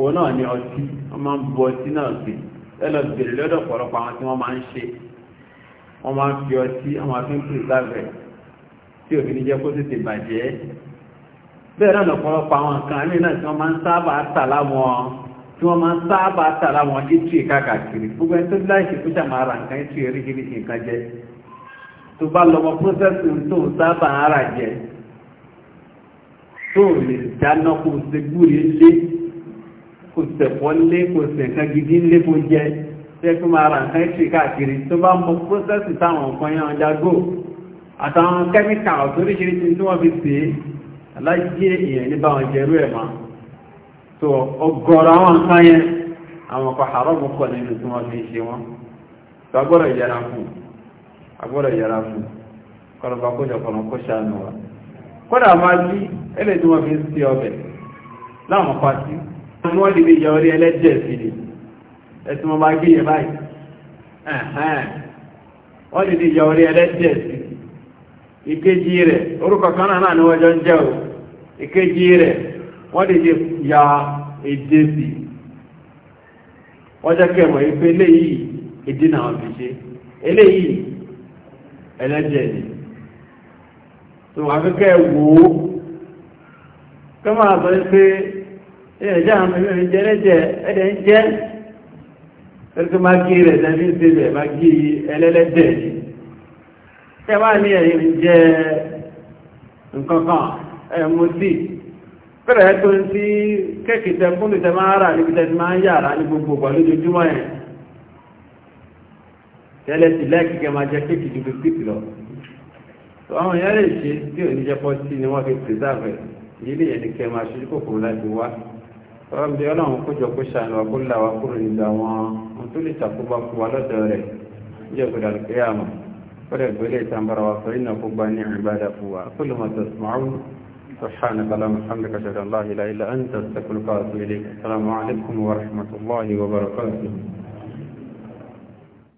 Speaker 1: òun náà ni ọtí wọ́n máa ń bu ọtí náà sí ẹlọ bèrè lọ́dọ̀ pọ̀lọpọ̀ àwọn tí wọ́n máa ń ṣe wọ́n máa ń fi ọtí àwọn afín pìrìsáfẹ̀ tí òfin jẹ́ kó tètè bàjẹ́ bẹ́ẹ̀ náà lọ́pọ̀lọpọ̀ àwọn nǹkan àmì náà tí wọ́n máa ń sábà tà láwọn tí wọ́n máa ń sábà tà láwọn ètò ìkàkàkiri gbogbo ẹni tó láìsí kó sàmà ara nǹkan ètò ìrírí nǹkan jẹ tó bá lọ́mọ pọ́sẹ́sì tó ń sábà ara jẹ tó lè dáná kó o ṣe gbúre lé kò sẹ̀fọ́ lé kò sẹ̀kan gidi lé kò jẹ tẹ́kù máa ra nǹkan ṣe káàkiri tó bá mọ táwọn nǹkan àtàwọn kẹ́míkà tí wọ́n fi sè é aláìsí èèyàn ní báwọn jẹrú ẹ̀ máa tó ọgọ́rọ̀ àwọn nǹkan yẹn àwọn ọkọ̀ àrọ́bù pọ̀ nínú tí wọ́n fi ṣe wọ́n yẹra fún wa máa bí mọ́ dìbí ìyà orí ẹlẹ́jẹ̀ fìdí ẹ̀tí mo bá gbé yẹ báyìí wọ́n dìbí ìyà orí ẹlẹ́jẹ̀ sí ìkejì rẹ̀ orúkọ kan náà ni wọ́n jọ ń jẹ́ o ìkejì rẹ̀ wọ́n dìbí ìyà èdè sí wọ́n jẹ́ kẹwọ̀ ìpé eléyìí ìdí náà fi ṣe eléyìí ẹlẹ́jẹ̀ ni tó wà fẹ́kẹ́ wò ó kẹ́ máa sọ pé ẹ̀jẹ́ àwọn mẹ́rin jẹ́rẹ́jẹ́ ẹ̀dẹ̀ ń jẹ́ ẹ̀rẹ́kẹ́ máa gí rẹ̀ lẹ́bí ń sílẹ̀ máa gí ẹlẹ́lẹ́dẹ̀ ẹwà ní ẹ̀yìn jẹ́ nǹkankan ẹ̀mùsí pẹ̀rẹ̀ tó ń tí kẹ́kìtẹ̀ fún ìtẹ́ máa rà níbi tẹ́ máa ń yàrá ní gbogbo ọgbà lójoojúmọ́ ẹ̀ tẹ́lẹ̀ sí lẹ́kìkẹ́ máa jẹ́ kéèkì ju bisikíìtì lọ tó àwọn èèyàn lè ṣe tí ò ní jẹ́ pọ́ sí ni wọ́n fi pèsè àfẹ́ yìí lè ní kẹ́ máa ṣojú kòkòrò láti wá rọ́bì ọlọ́run kójọ kó ṣàánú wa kó là wá kúrò nígbà wọn ohun tó lè ṣàkóbá fún wa lọ́dọ̀ rẹ̀ jẹ́ gbọ́dọ̀ àlùkíyàmá kọ́dọ̀ ìgbélé ìtàǹbara wa sọ̀rọ̀ iná kó gba ní ìbádà fún wa kó lè máa tẹ̀sùmáwù سبحانك اللهم وبحمدك اشهد ان لا اله الا انت استغفرك واتوب اليك السلام عليكم